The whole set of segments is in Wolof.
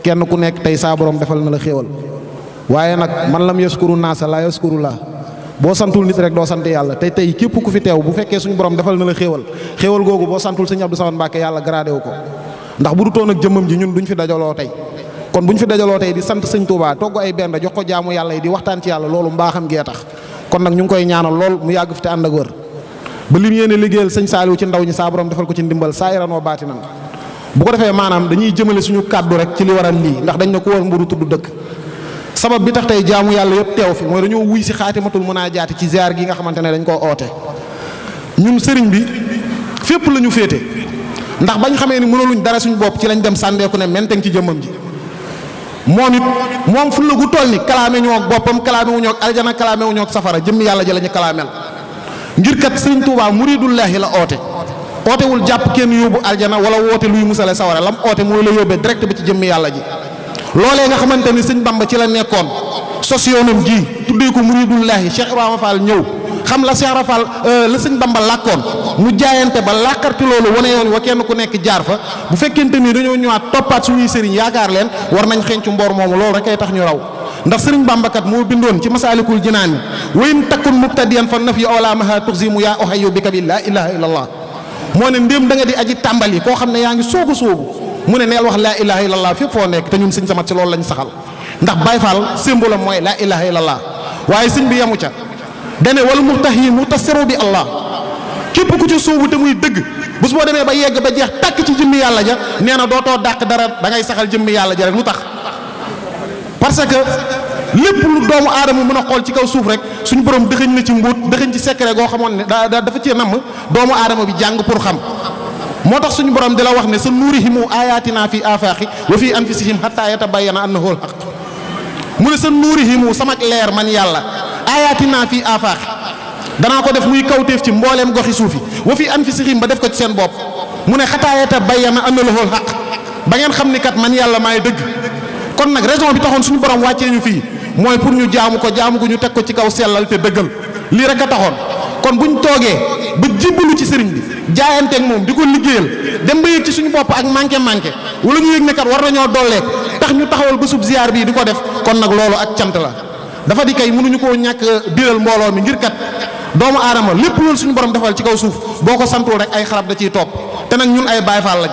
kenn ku nekk tey saa borom defal na la xéewal waaye nag man lam yaskuru la laa yaskuru laa boo santul nit rek doo sant yàlla te tey képp ku fi teew bu fekkee suñu borom defal la xéewal xéewal googu boo santul sëñ Abdou Samad Mbàkke yàlla gradé wu ko ndax bu du toon ak jëmmam ji ñun duñ fi dajaloo tey kon bu ñu fi dajaloo tey di sant sëñ Touba togg ay benn jox ko jaamu yàlla yi di waxtaan ci yàlla loolu mbaaxam gee tax kon nag ñu koy ñaanal lool ba lim bu ko defee maanaam dañuy jëmale suñu kàddu rek ci li waral lii ndax dañ ne ko war mburu tudd dëkk sabab bi tax tey jaamu yàlla yëpp teew fi mooy dañoo wuy si xaatimatul munaajaati ci ziar gi nga xamante ne dañ koo oote ñun sëriñ bi fépp la féete ndax bañ xamee ni mënaluñ dara suñu bopp ci lañ dem sàndeeku ne menteng ci jëmmam ji moom it moom fulla gu toll ni kalaame ñoog boppam kalaame wu ñoog aljana kalaame wu ñoog safara jëmm yàlla ji la ñu kalaamel ngir kat sëriñ Tuubaa muridullaahi la oote ootewul jàpp kenn yóbbu aljana wala woote luy musale sawara lam oote mooy la yóbbee direct bi ci jëmmi yàlla ji loolee nga xamante ni sëñ Bamba ci la nekkoon sos yoonam ji tuddee ko muridullahi Cheikh Ibrahima Fall ñëw xam la Cheikh Rafal euh, la sëñ Bamba làkkoon mu jaayante ba làkkarti loolu wane yoon wa kenn ku nekk jaar fa bu fekkente ni dañoo ñëwaat toppaat suñuy sëriñ yaakaar leen war nañ xencu mboor moomu loolu rek ay tax ñu raw ndax sëriñ bambakat moo bindoon ci masaalikul jinaan yi wayn takkun mubtadiyan fa naf yi olaamaha tuxsimu yaa ohayu bika moo ne ndéem da nga di aji tàmbali koo xam ne yaa ngi soogu soogu mu ne neel wax laa ilaha illallah fépp foo nekk te ñun sëñ samat si loolu lañ saxal ndax Baay Faal symbole mooy laa ilaha illallah waaye sëñ bi yamu ca dane wal murtahi mutasiru bi allah képp ku ci soobu te muy dëgg bés moo demee ba yegg ba jeex tàkk ci jëmmi yàlla ja nee na dootoo dàq dara dangay ngay saxal jëmmi yàlla ja rek lu tax lépp doomu aadama mën a xool ci kaw suuf rek suñu borom dëxëñ na ci mbóot dëxëñ ci secret goo xamoon ne daa dafa ci namm doomu aadama bi jàng pour xam moo tax suñu borom di la wax ne sa nuurihimu ayatina fi afaaxi wa fi anfusihim hatta yatabayyana annahu alhaq mu ne sa nuurihimu sama leer man yàlla ayatina fi afaaxi danaa ko def muy kawteef ci mbooleem goxi suufi wa fi anfusihim ba def ko ci seen bopp mu ne bay hatta yatabayyana annahu alhaq ba ngeen xam ni kat man yàlla maay dëgg kon nag raison bi taxoon suñu borom wàccee ñu fii mooy pour ñu jaamu ko jaamu ko ñu teg ko ci kaw sellal te dëggal lii rek a taxoon kon bu ñu toogee ba jébbalu ci sëriñ bi jaayanteeg moom di ko liggéeyal dem ba yëg ci suñu bopp ak manqué manqué wala ñu yëg ne kat war nañoo dollee tax ñu taxawal ba sub ziar bii di ko def kon nag loolu ak cant la dafa di kay mënuñu koo ñàkk biral mbooloo mi ngir kat doomu aadama lépp lool suñu borom defal ci kaw suuf boo ko santul rek ay xarab da ciy topp te nag ñun ay Baay Faal lañ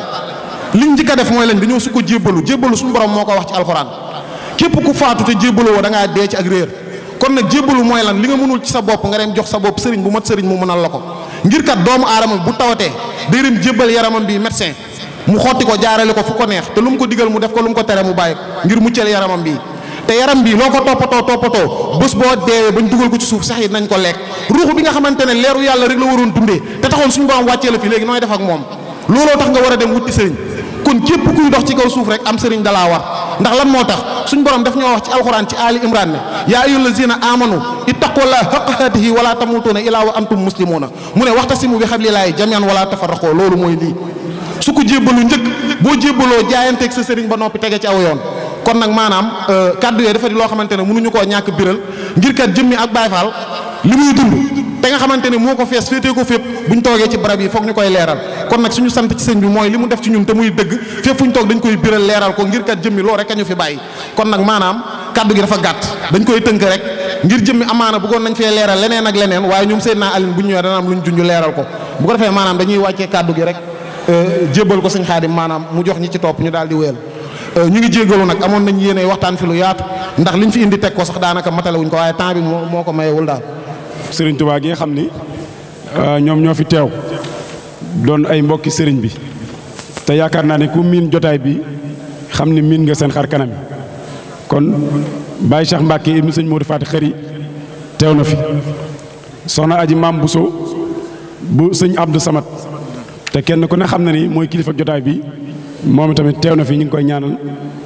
liñ njëkk a def mooy lañ dañoo su ko jébbalu jébbalu suñu borom moo ko wax ci alxuraan képp ku faatu te jébbalu woo da ngaa dee ci ak réer kon nag jébbalu mooy lan li nga mënul ci sa bopp nga dem jox sa bopp sëriñ bu mat sëriñ mu mënal la ko ngir kat doomu aadama bu tawatee day dem jébbal yaramam bi médecin mu xotti ko jaarale ko fu ko neex te lu mu ko digal mu def ko lu mu ko tere mu bàyyi ngir muccal yaramam bi te yaram bi loo ko toppatoo toppatoo bés boo deewee bañ dugal ko ci suuf sax yi nañ ko lekk ruux bi nga xamante ne leeru yàlla rek la waroon dundee te taxoon suñu borom wàccee la fi léegi nooy def moom looloo tax nga war a dem wuti sëriñ kon képp kuy dox ci kaw suuf rek am sëriñ dalaa war ndax lan moo tax suñ borom daf ñoo wax ci alxuraan ci ali imran ne yaa ayyuhal lazina amanu ittaqullaha haqqa tuqaatihi wala tamuutunna illaa wa antum muslimuuna mu ne waxtasimu bi hablillahi jamii'an wala tafarraqu loolu mooy lii su ko jébbalu njëkk boo jébbaloo jaayanteeg sa seriñ ba noppi tege ci aw yoon kon nag maanaam euh, kàddu yooyu dafa di loo xamante ne mënuñu koo ñàkk biral ngir kat jëmmi ak Baay Faal li muy dund te nga xamante ne moo ko fees féetee ko fépp buñ toogee ci barab yi foog ñu koy leeral kon nag suñu sant ci sëñ bi mooy li mu def ci ñun te muy dëgg fépp fuñ toog dañ koy biral leeral ko ngir kat jëmmi loo rek a ñu fi bàyyi kon nag maanaam kaddu gàtt dañ koy tënk rek ngir jëmmi amaana bëggoon nañ fee leeral leneen ak leneen waaye ñoom seen naa alin bu ñu ñëwee dana am luñ junj leeral ko bu defee maanaam dañuy wàccee kaddu gi rek euh, jébbal ko sëñ xaadim maanaam mu jox ñi ci topp ñu daal di wéyal euh, ñu ngi jéggalu nag amoon nañ yéene waxtaan fi lu yaatu ndax liñ fi indi teg ko sax daanaka matalewuñ ko temps bi moo ko mayewul daal sëriñ Touba gi nga xam ni euh, ñoom ñoo fi teew doon ay mbokki sëriñ bi te yaakaar naa ne ku miin jotaay bi xam ni miin nga seen xar kanam kon Baye Cheikh Mbacke ibnu sëñ Modou Faty Khary teew na fi soxna aji maam su bu sëñ Abdou samat te kenn ku ne xam na ni mooy kilifa jotaay bi moom tamit teew na fi ñu ngi koy ñaanal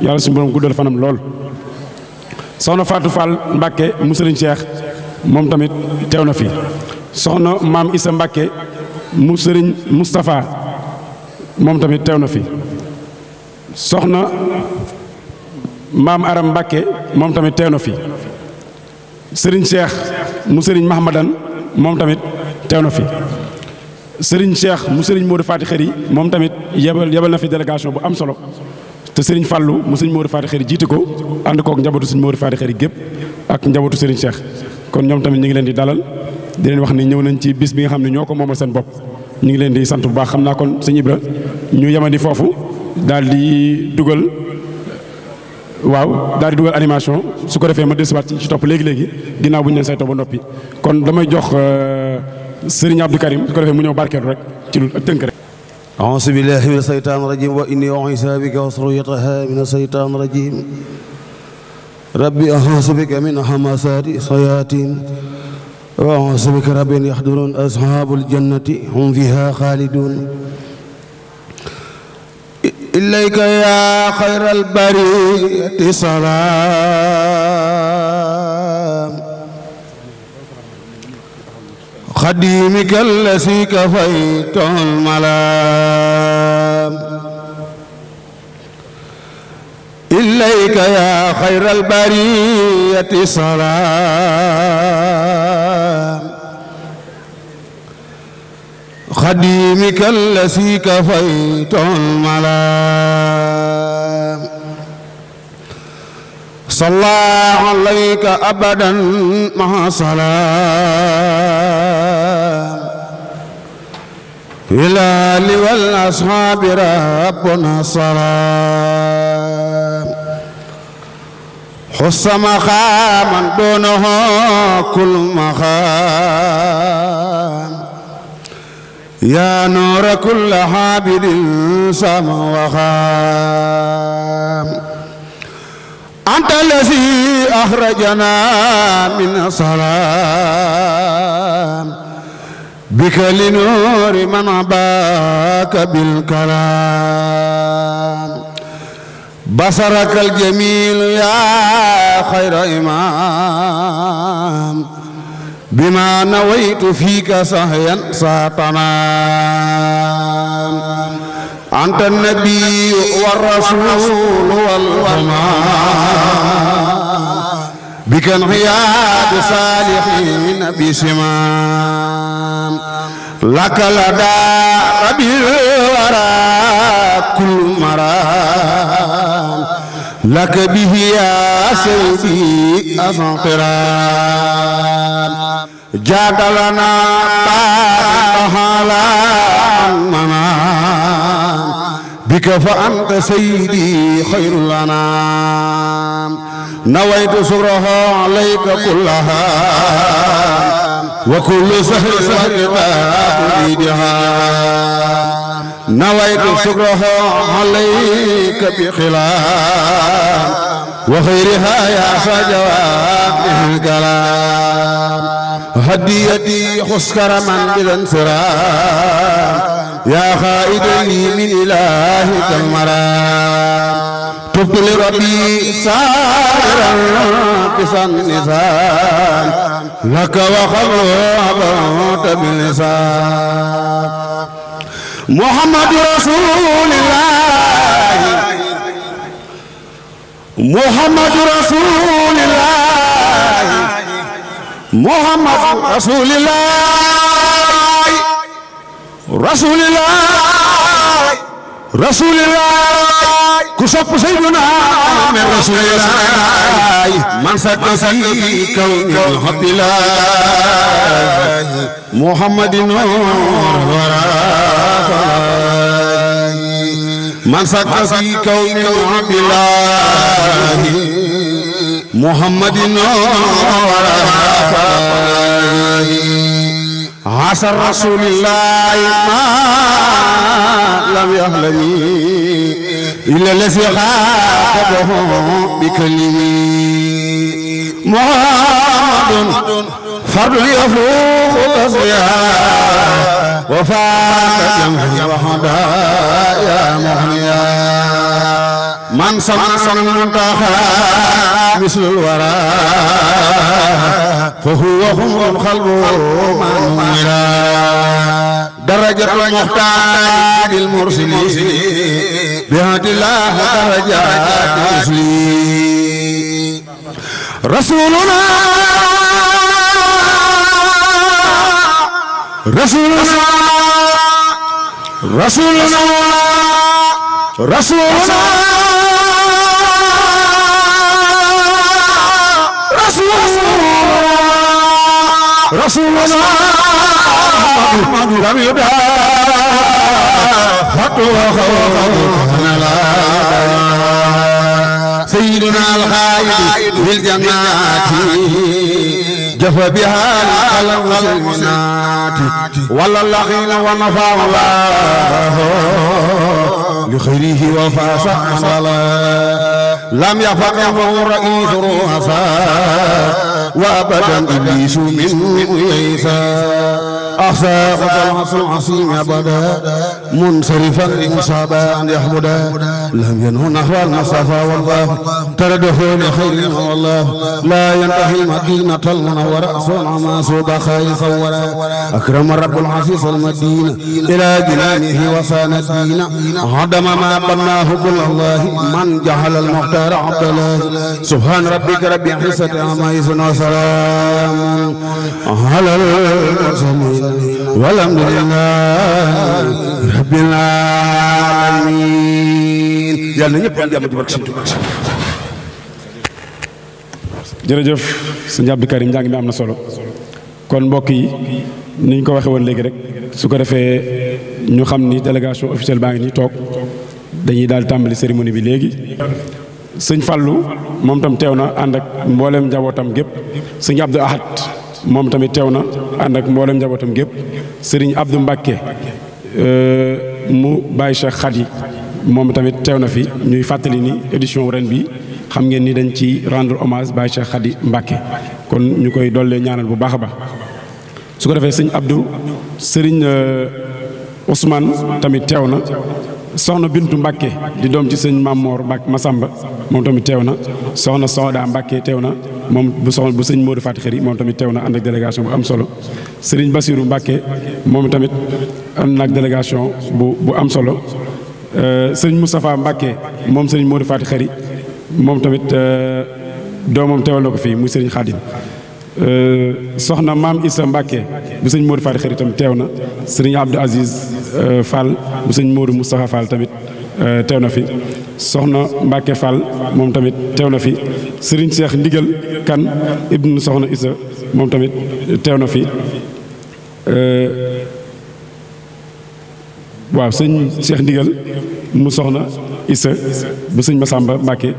yàlla suñu borom guddal fanam lool soxna Fatou Fall Mbacke mu sëriñ Cheikh moom tamit teew na fi soxna maam Issa Mbàkke mu sëriñ Moustapha moom tamit teew na fi soxna maam Aram Mbàkke moom tamit teew na fi sëriñ Cheikh mu sëriñ Mahmadan moom tamit teew na fi sëriñ Cheikh mu sëriñ Modou Fati Xëri moom tamit yebal yebal na fi délégation bu am solo te sëriñ Fàllu mu sëriñ Modou Fati Xëri jiite ko ànd kook njabootu sëriñ Modou Fati Xëri gépp ak njabootu sëriñ Cheikh kon ñoom tamit ñu ngi leen di dalal di leen wax ni ñëw nañ ci bis bi nga xam ne ñoo ko moomal seen bopp ñu ngi leen di sant bu baax xam naa kon sëñ Ibra ñu yemandi foofu daal di dugal waaw daal di dugal animation su ko defee ma desuwaat ci topp léegi léegi ginnaaw bu ñu leen saytoo ba noppi kon damay jox euh, sëriñ Abdou Karim su ko defee mu ñëw barkeelu rek ci lu tënk rek. auzu billaahi mina saytaani rajiim wa inni u'iizuhaa bika wa zurriyyatahaa mina saytaani rajiim rabbi a'uuzu bika min hamazaati sayaatiin wa a'uuzu bika rabbi an yahduruun ashaabul jannati hum fiihaa xaaliduun ilayka yaa xayral bariyati salaam xadiimika llazii kafaytal malaam ilayka ya xayra albariyati salaam xadimika allasi kafaytul malaam salla alayka abadan ma salaam ilaali wal ashaabi rabbuna salaam خص مقاما دونه كل مقام يا نور كل حابد سما وخام أنت الذي أخرجنا من الظلام بك لنور من عباك بالكلام بصرك الجميل يا خير إمام بما نويت فيك صهيا ساتنام أنت النبي والرسول والإمام بك انقياد صالحين بسمام لك لدى ربي الورى كل مرام لك به يا سيدي أفقرام جاد لنا تعالى منام بك فأنت سيدي خير لنا نويت سره عليك كلها وكل سهر سهر بابدها نويت شكره عليك بخلام وخيرها يا فجواب الكلام هديتي خسكر من بالانسرام يا خائد لي من إلهك المرام تبت لربي سائرا ناقصا النسان لك وخمر عبرت باللسان محمد رسول الله محمد رسول الله محمد رسول الله رسول الله rasulillah ku sopp sayyiduna Muhammad rasulillah man sakka sakka fi kaw min hubbillah Muhammadin man sakka fi kaw min hubbillah Muhammadin عسى رسول الله ما لم يحلمي إلا الذي خاطبه بكلمي محمد فرد يفوق الأصياء وفاق جمع الوحدة يا مهنيا من صنع صنعتها مثل الورى فهو هم خلقه من نورا درجة المحتاج المرسلين بهدي الله درجات المرسلين رسولنا رسولنا رسولنا رسولنا رسولنا رسولنا محمد لم يدع خطوة خطوة سيدنا الخالد بالجنات جفا بها القلوسينات ولا اللعين ونفع الله لخيره وفاس منالا لم يفقه رئيس رؤساء وابدا ابليس من مؤيسا أحسى وطلعت العصيم أبدا منصرفا مصابا أن يحمدا لم ينه نحو المصافى والله ترده لخير والله لا ينتهي مدينة المنورة صنع ما صوب خير صورا أكرم الرب العزيز المدين إلى جنانه وصان الدين عدم ما بناه كل الله من جعل المختار عبد الله سبحان ربك رب العزة عما يصنع سلام على المرسلين والحمد yàlla na ñëpp am jàmm ju jërëjëf sëñ Abdou Karim njàng mi am na solo kon mbokk yi ko waxee woon léegi rek su ko defee ñu xam ni délégation officielle baa ngi nii toog dañuy daal tàmbali cérémonie bi léegi sëñ Fallou moom tam teew na ànd ak mbooleem njabootam gépp sëñ Abdou Ahad moom tamit teew na ànd ak mboolem njabootam gépp sëriñ Abdou Mbacke euh, mu bàyyi Cheikh Khady moom tamit teew na fi ñuy fàttali ni édition ren bi xam ngeen ni dañ ci rendre hommage bàyyi Cheikh Khady Mbacke kon ñu koy dollee ñaanal bu baax a baax su ko defee sëñ abdu sëriñ Ousmane tamit teew na soxna Bintu Mbacke di doom ci sëñ Mamor Mbacke Masamba moom tamit teew na soxna Soxda Mbacke teew na moom bu soxna bu sëñ Modou Faty Khary moom tamit teew na ànd ak bu am solo sëriñ Basirou Mbacke moom tamit ànd na ak bu bu am solo euh, sëñ Moustapha Mbacke moom sëriñ Modou Faty moom tamit euh, doomam teewal na ko fii muy sëriñ Khadim. Euh, soxna maam Issa Mbacke bu sëñ Modou Fall xaritam teew na sëriñ Abdou Aziz euh, Fall bu sëñ Modou Moustapha Fall tamit euh, teew na fi soxna Mbacke Fall moom tamit teew fi sëriñ Cheikh Ndigal Kan ibnu soxna Issa moom tamit teew na fi waaw sëñ Cheikh Ndigal mu soxna Issa bu sëñ Massamba Mbacke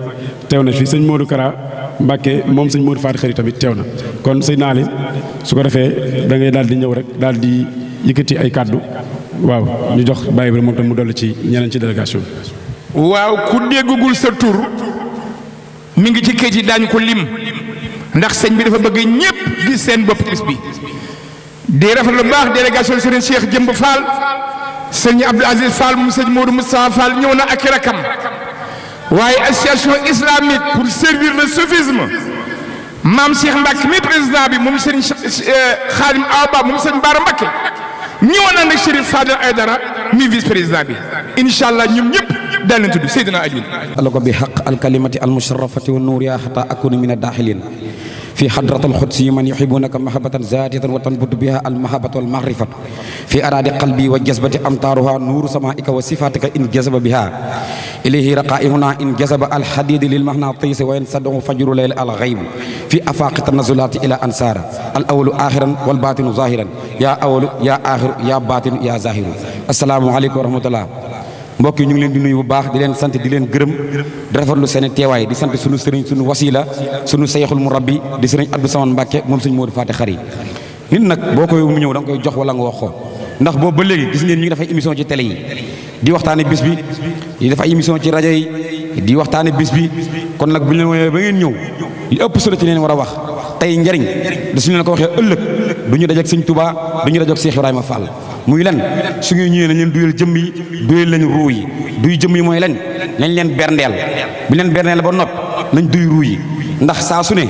teew fi sëñ Modou Kara Mbàkke moom sëñ Modou Faty Khary tamit teew na kon sëñ naa li su ko defee dangay ngay daal di ñëw rek daal di yëkkati ay kàddu waaw ñu jox bàyyi bi moom tam mu dolli ci ñeneen ci délégation bi. waaw ku déggugul sa tur mi ngi ci këyit yi daañu ko lim ndax sëñ bi dafa bëgg ñépp gis seen bopp bis bi di rafetlu lu baax délégation Serigne Cheikh Jëmb Fall sëñ Abdou Aziz Fall moom sëñ Modou Moustapha Fall ñëw na ak rakam. waaye association islamique pour servir le soufisme maam Cheikh Mbacke mi président bi moom sëriñ euh, Khadim Abba moom sëriñ Baara Mbacke ñëwoon na nag Chérif Fadel Aydara mi vice président bi incha allah ñoom ñëpp daal leen tudd Seydina Aliou. ala bi xaq alkalimati almusharafati wa nuur yaa xataa akuna min a daaxilin في حضرة القدس من يحبونك محبة زادية وتنبت بها المحبة والمعرفة في أراضي قلبي وجذبة أمطارها نور سمائك وصفاتك إن جذب بها إليه رقائهنا إن جذب الحديد للمغناطيس وينسدع فجر ليل الغيب في أفاق التنزلات إلى أنصار الأول آخرا والباطن ظاهرا يا أول يا آخر يا باطن يا ظاهر السلام عليكم ورحمة الله mbokk yi ñu ngi leen di nuyu bu baax di leen sant di leen gërëm di rafetlu seen teewaay di sant sunu sëriñ sunu wasila sunu sayxul murabbi di sëriñ Abdou Samane Mbacke moom suñu Modou Faty Khary nit nag boo koy mu ñëw da nga koy jox wala nga wax ko ndax boobu ba léegi gis ngeen ñu ngi def ay émission ci télé yi di waxtaane bis bi di def ay émission ci rajo yi di waxtaane bis bi kon nag bu ñu leen woowee ba ngeen ñëw li ëpp solo ci leen war a wax tey njariñ da suñu leen ko waxee ëllëg du ñu dajeek sëñ Touba du ñu dajeek Cheikh Ibrahima Fall muy lan su ngeen ñëwee nañ leen duyal jëmm yi duyal lañ ruu yi duy jëmm yi mooy lan nañ leen berndeel bu leen berndeel ba nopp lañ duy ruu yi ndax saa su ne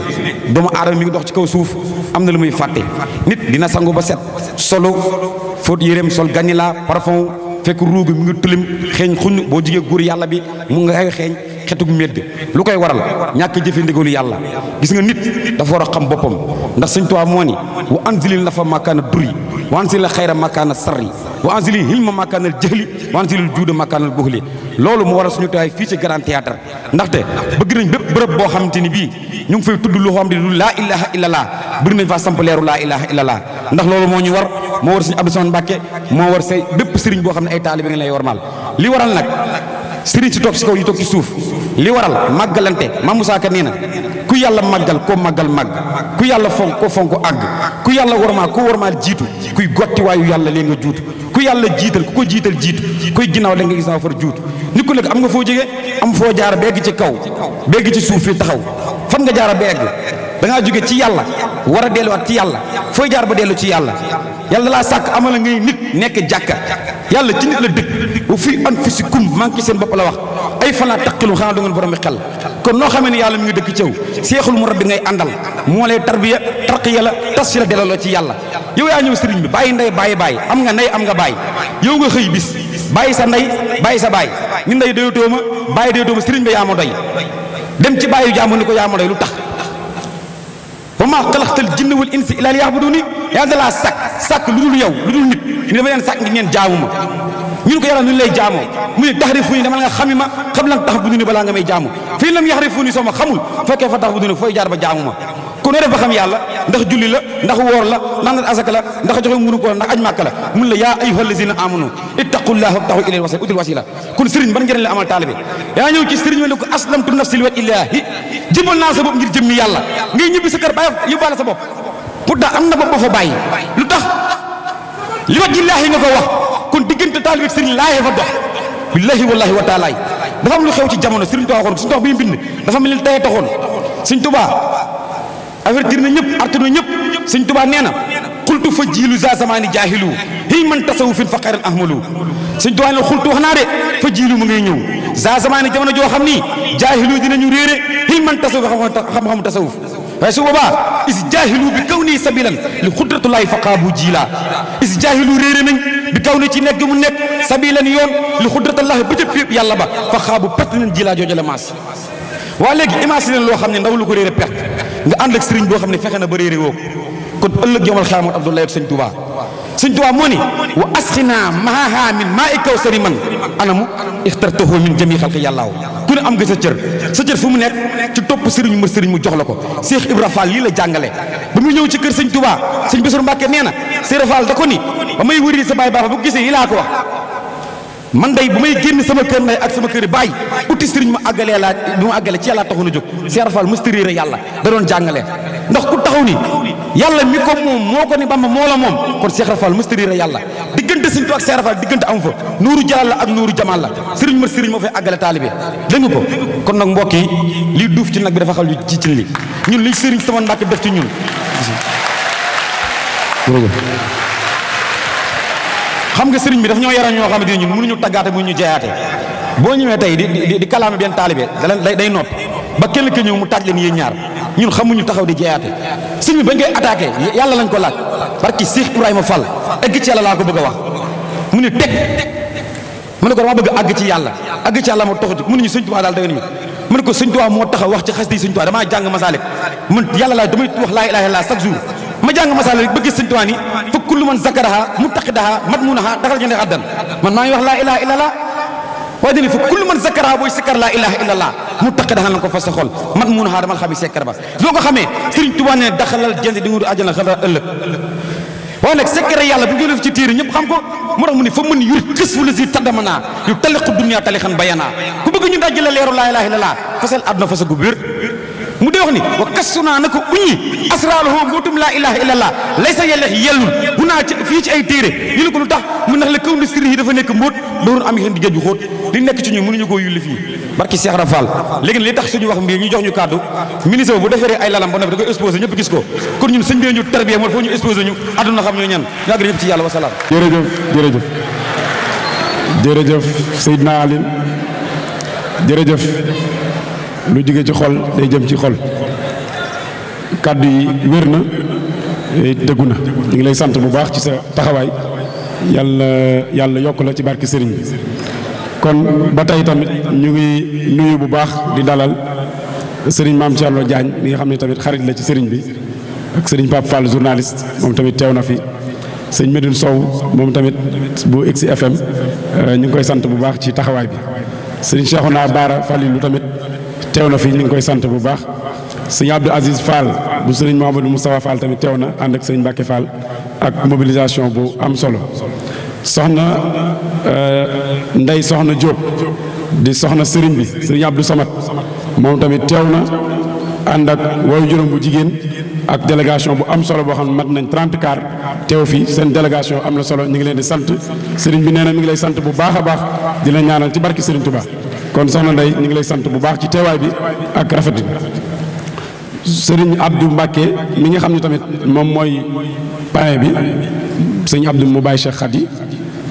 doomu aadama mi ngi dox ci kaw suuf am na lu may fàtte nit dina sangu ba set solo fóot yéreem sol ganila parfum fekk ruugi mi ngi tilim xeeñ xuñ boo jigee guur yàlla bi mu nga koy xeeñ xetug medd lu koy waral ñàkk jëfe ndigalu yàlla gis nga nit dafa war a xam boppam ndax sëñ Tuubaa moo ni wa anzilil na fa wa anzil xayra makaana sarri wa anzil hilma makaanal jëhli wa anzil juuda makaanal buhli loolu mu waral suñu tawaay fii ci Grand Théâtre ndaxte bëgg nañ bépp bërëb boo xamante ni bii ñu ngi fay tudd lu xam ne du laa ilaha illallah bëgg nañ faa samp leeru laa ilaha illallah ndax loolu moo ñu war moo war suñu Abdou Samane Mbàkke moo war say bépp sëriñ boo xam ne ay taalibe nga lay warmaal li waral nag sëriñ si toog si kaw ñu toog ci suuf li waral màggalante Mame Moussa Ka nee na ku yàlla màggal koo màggal màgg ku yàlla fonk koo fonk àgg ku yàlla warmaal koo warmaal jiitu kuy gotti waayu yàlla leen nga juutu ku yàlla jiital ku ko jiital jiitu kuy ginnaaw leen nga gis ginnaaw far juutu nit ko nekk am nga foo jógee am foo jaar begg ci kaw begg ci suuf fii taxaw fan nga jaar a begg da ngaa jóge ci yàlla war a delluwaat ci yàlla fooy jaar ba dellu ci yàlla yàlla laa sàkk amala ngay nit nekk jàkka yàlla ci nit la dëkk bu fii an fi si kum manqué seen bopp la wax ay falaa taqilum xanaa du ngeen borom xel kon noo xamee ne yàlla mi ngi dëkk cëw seexul mu rabbi ngay àndal moo lay tarbiya tarqiya la tas si la delloo ci yàlla yow yaa ñëw sëriñ bi bàyyi ndey bàyyi bàyyi am nga ndey am nga bàyyi yow nga xëy bis bàyyi sa ndey bàyyi sa bàyyi ni ndey doyatoo ma bàyyi doyatoo ma sëriñ bi yaa ma doy dem ci bàyyi jàmm ni ko yaa lu tax wa maa xalaqtal jinna wal insa illaa liya'buduuni yàlla da laa sàkk sàkk lu dul yow lu dul nit ñu dafa leen sàkk ngeen jaamu ma ñu ko yàlla nu ñu lay jaamoo mu ne taxrifuuni dama nga xam ma xam lan taxbuduuni balaa nga may jaamu fii lam yaxrifuuni soo ma xamul fekkee fa taxbuduuni fooy jaar ba jaamu ma kon noo def ba xam yàlla ndax julli la ndax woor la ndax asaka la ndax joxe nguuru ko ndax aj màkk la mun la yaa ayyuhal lazina aamanu ittaqullaha wabtahu ilayhi wasila util wasila kon sëriñ ban njëriñ la amal taalibe yaa ñëw ci sëriñ wala ko aslamtu nafsi li wajhi llaahi jibal naa sa bopp ngir jëmmi yàlla ngay ñibbi sa kër bàyyi yóbbaale sa bopp pour da am na bopp ba fa bàyyi lu tax li wajhi llaahi nga ko wax kon diggante taalibe sëriñ laaye fa dox billahi wallahi wa taala dafa am lu xew ci jamono sëriñ Tuubaa waxoon suñu tax bi mbind dafa mel ni tey taxoon sëriñ a avertir na ñëpp artu na ñëpp sëriñ Tuubaa nee na qultu fa jiilu za zamani jaahilu xëy man tasawufin fa xayran ahmalu suñ dowaane xultu wax naa de fa jiilu mu ngay ñëw za zamaani jamono joo xam ni jaahilu dinañu réere xëy man tasawuf xam-xam tasawuf waaye su boobaa is jaahilu bi kaw nii sabilan li xudratullahi fa qaabu jiila is jaahilu réere nañ bi kaw ci nekk mu nekk sabilan yoon li xudratullahi ba jëpp yëpp yàlla ba fa xaabu perte nañ jiilaa maas waa léegi imagine leen loo xam ne ndaw lu ko réere nga ànd ak sëriñ boo xam ne fexe na ba réere woo ko kon ëllëg Sëñ Tuubaa moo ni wa asqinaa maahaa min maa'i kawsari man anamu ixtartahu min jami xalqi yàllaaw ku ne am nga sa cër sa cër fu mu nekk ci topp sëriñ mu sëriñ mu jox la ko Cheikh Ibra Fall lii la jàngale ba muy ñëw ci kër Sëñ Tuubaa Sëñ Bassirou Mbàkke nee na Cheikh Fall da ko ni ba may wëri sa baay baafa bu gisee yi laa ko wax man day bu may génn sama kër nday ak sama kër baay uti sëriñ mu àggalee laa bi mu àggalee ci yàlla taxoon a jóg Cheikh Fall mësta réer yàlla da doon jàngale ndax ku taxaw ni yàlla mi ko moom moo ko ne Bamba moo la moom kon Cheikh Rafal mësta réer yàlla diggante Sëriñ Tuubaa ak Cheikh Rafal diggante am fa nuuru jalal la ak nuuru jamal la sëriñ ma sëriñ moo fay àggale taalibe dégg ko kon nag mbokk yi lii duuf ci nag bi dafa xal ci cin li ñun li sëriñ sama ndàkk def ci ñun xam nga sëriñ bi daf ñoo yaram ñoo xamante ne ñun mënuñu taggaate ñu jaayaate boo ñëwee tey di di di kalaame benn taalibe da day nopp ba kenn ki ñëw mu taaj leen yéen ñaar ñun xamuñu taxaw di jeeyaate sëñ bi bañ koy attaqué yàlla lañ ko laaj barki Cheikh Ibrahima Fall egg ci yàlla laa ko bëgg wax mu ne teg mu ne ko dama bëgg àgg ci yàlla àgg ci yàlla moo taxut mu ne ñu sëñ Tuubaa daal da nga mu ne ko sëñ Tuubaa moo taxaw wax ci xas di sëñ Tuubaa damaa jàng masaalik man yàlla laa damay wax laa ilaaha illallaah chaque ma jàng masaalik rek bëgg sëñ Tuubaa ni fa kullu man zakaraha mutaqidaha madmunaha daxal jënde addan man maa laa waaye dina fi kullu man zakara booy sikkar laa ilaha illallah mu taqi daxal ko fa sa xol mat mun xaa damal xami sekkar ba loo ko xamee Sëriñ Tuubaa daxalal jënd di ngudu àjjana xala ëllëg waaye nag sekkar yàlla bu ñu def ci téere ñëpp xam ko moo tax mu ne naa ku bëgg ñu dajale leeru laa ilaha fasal àdduna fasa gu mu de wax wa kassunaa naa fii ci ay téere ñu la kaw ni sirri yi dafa nekk mbóot doon am xen di géej gu xóot li nekk ci ñun mënuñu koo yulli fii barki Cheikh Rafal léegi li tax suñu wax mbii ñu jox ñu kàddu ministre bu deferee ay lalam ba noppi da koy exposé ñëpp gis ko kon ñun sëñ bi ñu tarbiya moo foo ñu exposé ñu àdduna xam ñoo ñan ñu àgg ñëpp ci yàlla wasalaam jërëjëf jërëjëf jërëjëf Seydina Aline jërëjëf lu jóge ci xol day jëm ci xol kàddu yi wér na dëggu na ñu ngi lay sant bu baax ci sa taxawaay yàlla yàlla yokk la ci barki sëriñ bi kon ba tey tamit ñu ngi nuyu bu baax di dalal sëriñ maam Thierno Diagne mi nga xam ne tamit xarit la ci sëriñ bi ak sëriñ Pape Fall journaliste moom tamit teew na fi sëñ Medoune Sow moom tamit bu X FM euh, ñu ngi koy sant bu baax ci taxawaay bi sëriñ naa Baara Falilou tamit teew na fi ñu ngi koy sant bu baax sëñ Abdou Aziz Fall bu sëriñ Mouhamadou Moustapha Fall tamit teew na ànd ak sëriñ Mbacke Fall ak mobilisation bu am solo soxna euh, Ndey soxna Diop di soxna sëriñ bi sëriñ Abdou Samad moom tamit teew na ànd ak wayu juróom bu jigéen ak délégation bu am solo boo xam ne mat nañ 30 car teew fii seen délégation am na solo ñu ngi leen di sant sëriñ bi nee na mi ngi lay sant bu baax a baax di la ñaanal ci barki sëriñ Touba kon soxna Ndey ñu ngi lay sant bu baax ci teewaay bi ak rafet sëriñ Abdou Mbacke mi nga xam ne tamit moom mooy parrain bi sëriñ Abdou mu bàyyi Cheikh Khady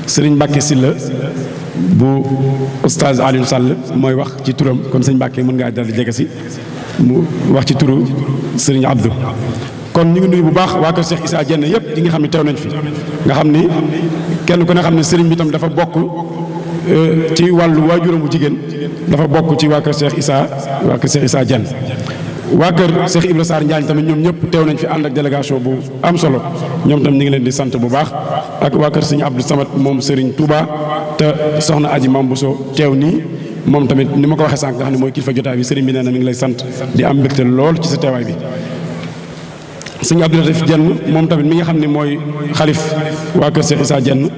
sëriñ Mbacke Sylla bu oustaz Alioune Sall mooy wax ci turam kon sëñ Mbacke mën ngaa dal di jege si mu wax ci turu sëriñ Abdou. kon ñu ngi nuyu bu baax waa kër Cheikh Issa Diène yëpp ñi nga xam ne teew nañ fi nga xam ni kenn ku ne xam ne sëriñ bi tam dafa bokk euh, ci wàllu waajuram bu jigéen dafa bokk ci waa kër Cheikh Issa waa kër Cheikh Issa Diène waa kër Cheikh Ibra Sarr Njaañ tamit ñoom ñëpp teew nañ fi ànd ak délégation bu am solo ñoom tam ñu ngi leen di sant bu baax ak waa kër Serigne Abdou Samad moom Serigne Touba te soxna Aji Mam Bousso teew nii moom tamit ni ma ko waxee sànq nga xam ne mooy kilifa jotaay bi Serigne bi nee na mi ngi lay sant di am mbégte lool ci sa teewaay bi. Serigne Abdou Latif Jenn moom tamit mi nga xam ne mooy xalif waa kër Cheikh Issa Jenn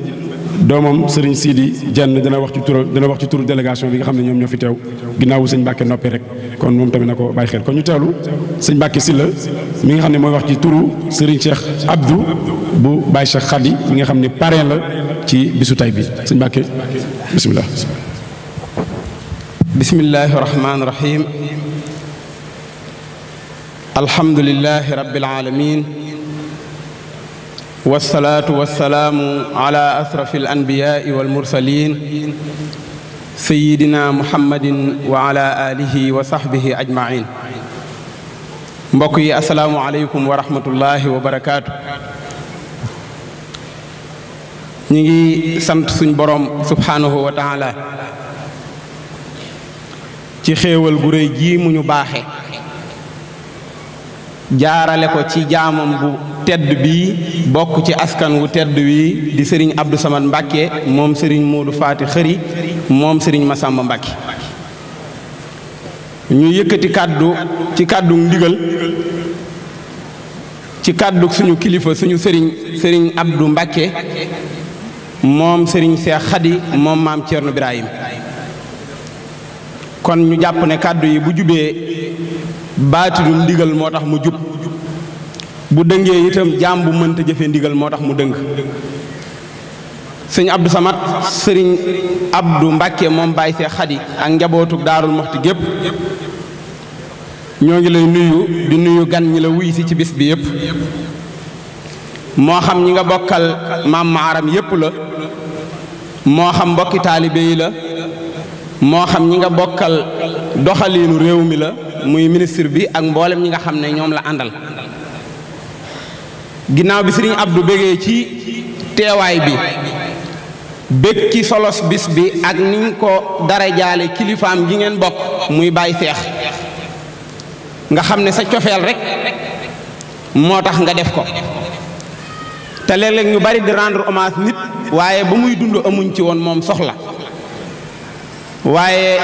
doomam sëriñ Sidi jenn dana wax ci turu dana wax ci turu délégation bi nga xam ne ñoom ñoo fi teew ginnaawu sëñ Mbacke noppi rek kon moom tamit na ko bàyyi xel kon ñu teewlu sëñ si la mi nga xam ne mooy wax ci turu sëriñ Cheikh Abdou bu Baye Cheikh Khady mi nga xam ne parrain la ci bisu tay bi sëñ Mbacke bisimilah. bismillahi rahmaani rahim alhamdulillahi rabbil alamin wasalaatu wasalaamu ala asrafi alanbiyaai walmursalin sayidina muhammadin wa ala alihi wa sahbihi ajmain mbokk yi asalaamu aleykum wa rahmatullahi wa barakaatu ñu ngi sant suñ boroom subhaanahu wa taala ci xéewal gu réy jii mu ñu baaxe jaarale ko ci jaamam bu tedd bi bokk ci askan wu tedd wi di sëriñ Abdou Samad Mbacke moom sëriñ Modou Faati Xëri moom sëriñ ma Massamba Mbacke ñu yëkkati kàddu ci kàddu ndigal ci kàddu suñu kilifa suñu sëriñ sëriñ Abdou Mbacke moom sëriñ Cheikh Khady moom maam Thierno Birahim kon ñu jàpp ne kàddu yi bu jubee baatinu ndigal moo tax mu jub bu dëngee itam jaam bu mënta jëfee ndigal moo tax mu dëng sëñ Abdou Samad sëriñ Abdou Mbacke moom Baye Seex Xadi ak njabootu Daarul Moxti gépp ñoo ngi lay nuyu di nuyu gan ñi la wuy si ci bis bi yëpp moo xam ñi nga bokkal maam yépp la moo xam mbokki taalibe la moo xam ñi nga bokkal doxaliinu réew mi la muy ministre bi ak mboolem ñi nga xam ne ñoom la àndal ginnaaw bi sëriñ Abdou bégee ci teewaay bi bég ci solos bis bi ak niñ ko dara jaale kilifaam ji ngeen bokk muy bàyyi seex nga xam ne sa cofeel rek moo tax nga def ko te léeg-léeg ñu bari di rendre homence nit waaye ba muy dund amuñ ci woon moom soxla waaye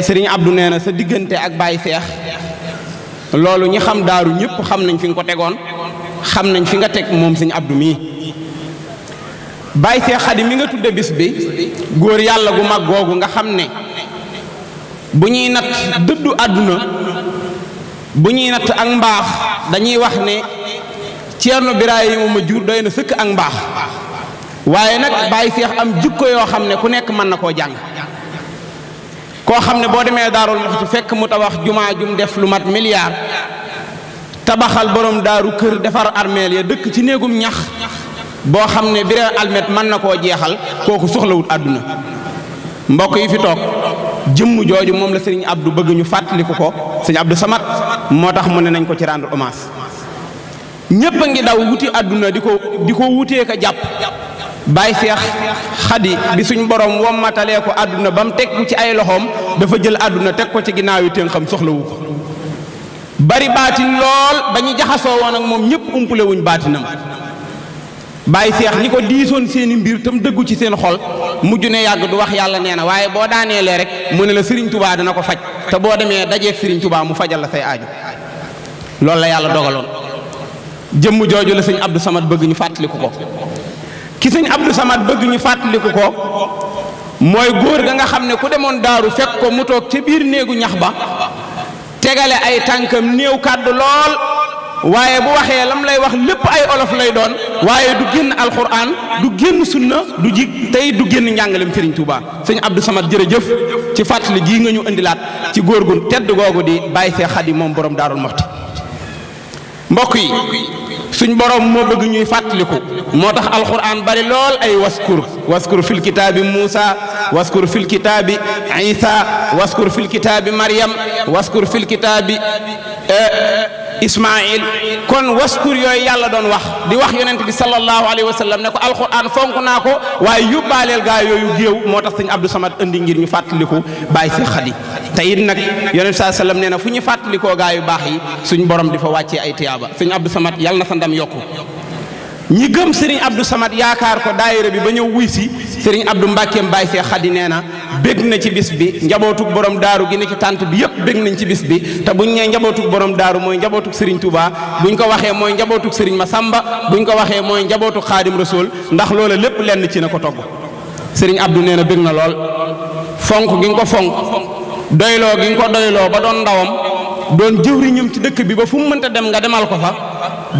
sëriñ Abdou nee na sa diggante ak bàyyi seex loolu ñi xam daaru ñëpp xam nañ fi nga ko tegoon xam nañ fi nga teg moom sëñ Abdou mii bàyyi see xadi mi nga tudde bis bi góor yàlla gu mag googu nga xam ne bu ñuy natt dëddu àdduna bu ñuy natt ak mbaax dañuy wax ne Ceerno Birahima ma jur doy na sëkk ak mbaax waaye nag bàyyi seex am jukko yoo xam ne ku nekk mën na koo jàng koo xam ne boo demee daarul Muxti fekk mu tabax jumaa jum def lu mat milliard tabaxal borom daaru kër defar armeel ya dëkk ci néegum ñax boo xam ne bire almet mën na koo jeexal kooku soxlawut àdduna mbokk yi fi toog jëmm jooju moom la sëriñ Abdou bëgg ñu fàttaliku ko sëriñ Abdou samat moo tax mu ne nañ ko ci rendre hommage ñépp a ngi daw wuti àdduna di ko di ko wutee ka jàpp Baay Seex xaddi bi suñ borom wommatalee ko àdduna ba mu teg ci ay loxoom dafa jël àdduna teg ko ci ginnaaw yu ténxam soxlawu ko bari baatin lool ba ñu jaxasoo woon ak moom ñëpp umpule wuñ baatinam bàyyi seex ñi ko diisoon seeni mbir tam dëggu ci seen xol mujj ne yàgg du wax yàlla nee na waaye boo daaneelee rek mu ne la Serigne tubaa dana ko faj te boo demee dajeeg Serigne tubaa mu fajal la say aaju loolu la yàlla dogaloon jëmm jooju la sëñ Abdou Samad bëgg ñu fàttaliku ko ki sëñ Abdou Samad bëgg ñu fàttaliku ko mooy góor ga nga xam ne ku demoon daaru fekk ko mu toog ca biir néegu ñax ba. tegale ay tànkam néew kàddu lool waaye bu waxee lam lay wax lépp ay olof lay doon waaye du génn alxuraan du génn sunna du jig tey du génn njàngalem sëriñ Touba sëñ Abdou Samad jërëjëf ci fàttali gii nga ñu indilaat ci góor gu tedd googu di bàyyi see xadi moom boroom daarul moxti mbokk yi suñ borom moo bëgg ñuy fàttaliku moo tax alquran bari lool ay waskur waskur fil kitaabi Muusa waskur fil kitaabi Isa waskur fil kitaabi Maryam waskur fil kitaabi eh, Ismaayil kon waskur yooyu yàlla doon wax di wax yonent bi sallallahu alayhi wa sallam ne ko alquran fonk naa ko waaye yóbbaaleel gaa yooyu géew moo tax sëñ Abdou Samad indi ngir ñu fàttaliku bàyyi si xadi te it nag yonent saa sallam nee na fu ñu fàttalikoo gaa yu baax yi suñ borom di fa wàccee ay tiyaaba sëñ Abdou Samad yàlla na sa ndam yokku ñi gëm Serigne Abdou Samad yaakaar ko daayira bi ba ñëw wuy si Serigne Abdou Mbacke Mbaye Seex Xadi nee na bég na ci bis bi njabootug borom daaru gi ne ci tànt bi yëpp bég nañ ci bis bi te buñ nee njabootug borom daaru mooy njabootug Serigne bu buñ ko waxee mooy njabootug Serigne Massamba buñ ko waxee mooy njabootug Xaadim Rasul ndax loola lépp lenn ci na ko togg Serigne Abdou nee na bég na lool fonk gi nga ko fonk doyloo gi nga ko doyloo ba doon ndawam doon jëwriñam ci dëkk bi ba fu mu mënta dem nga demal ko fa.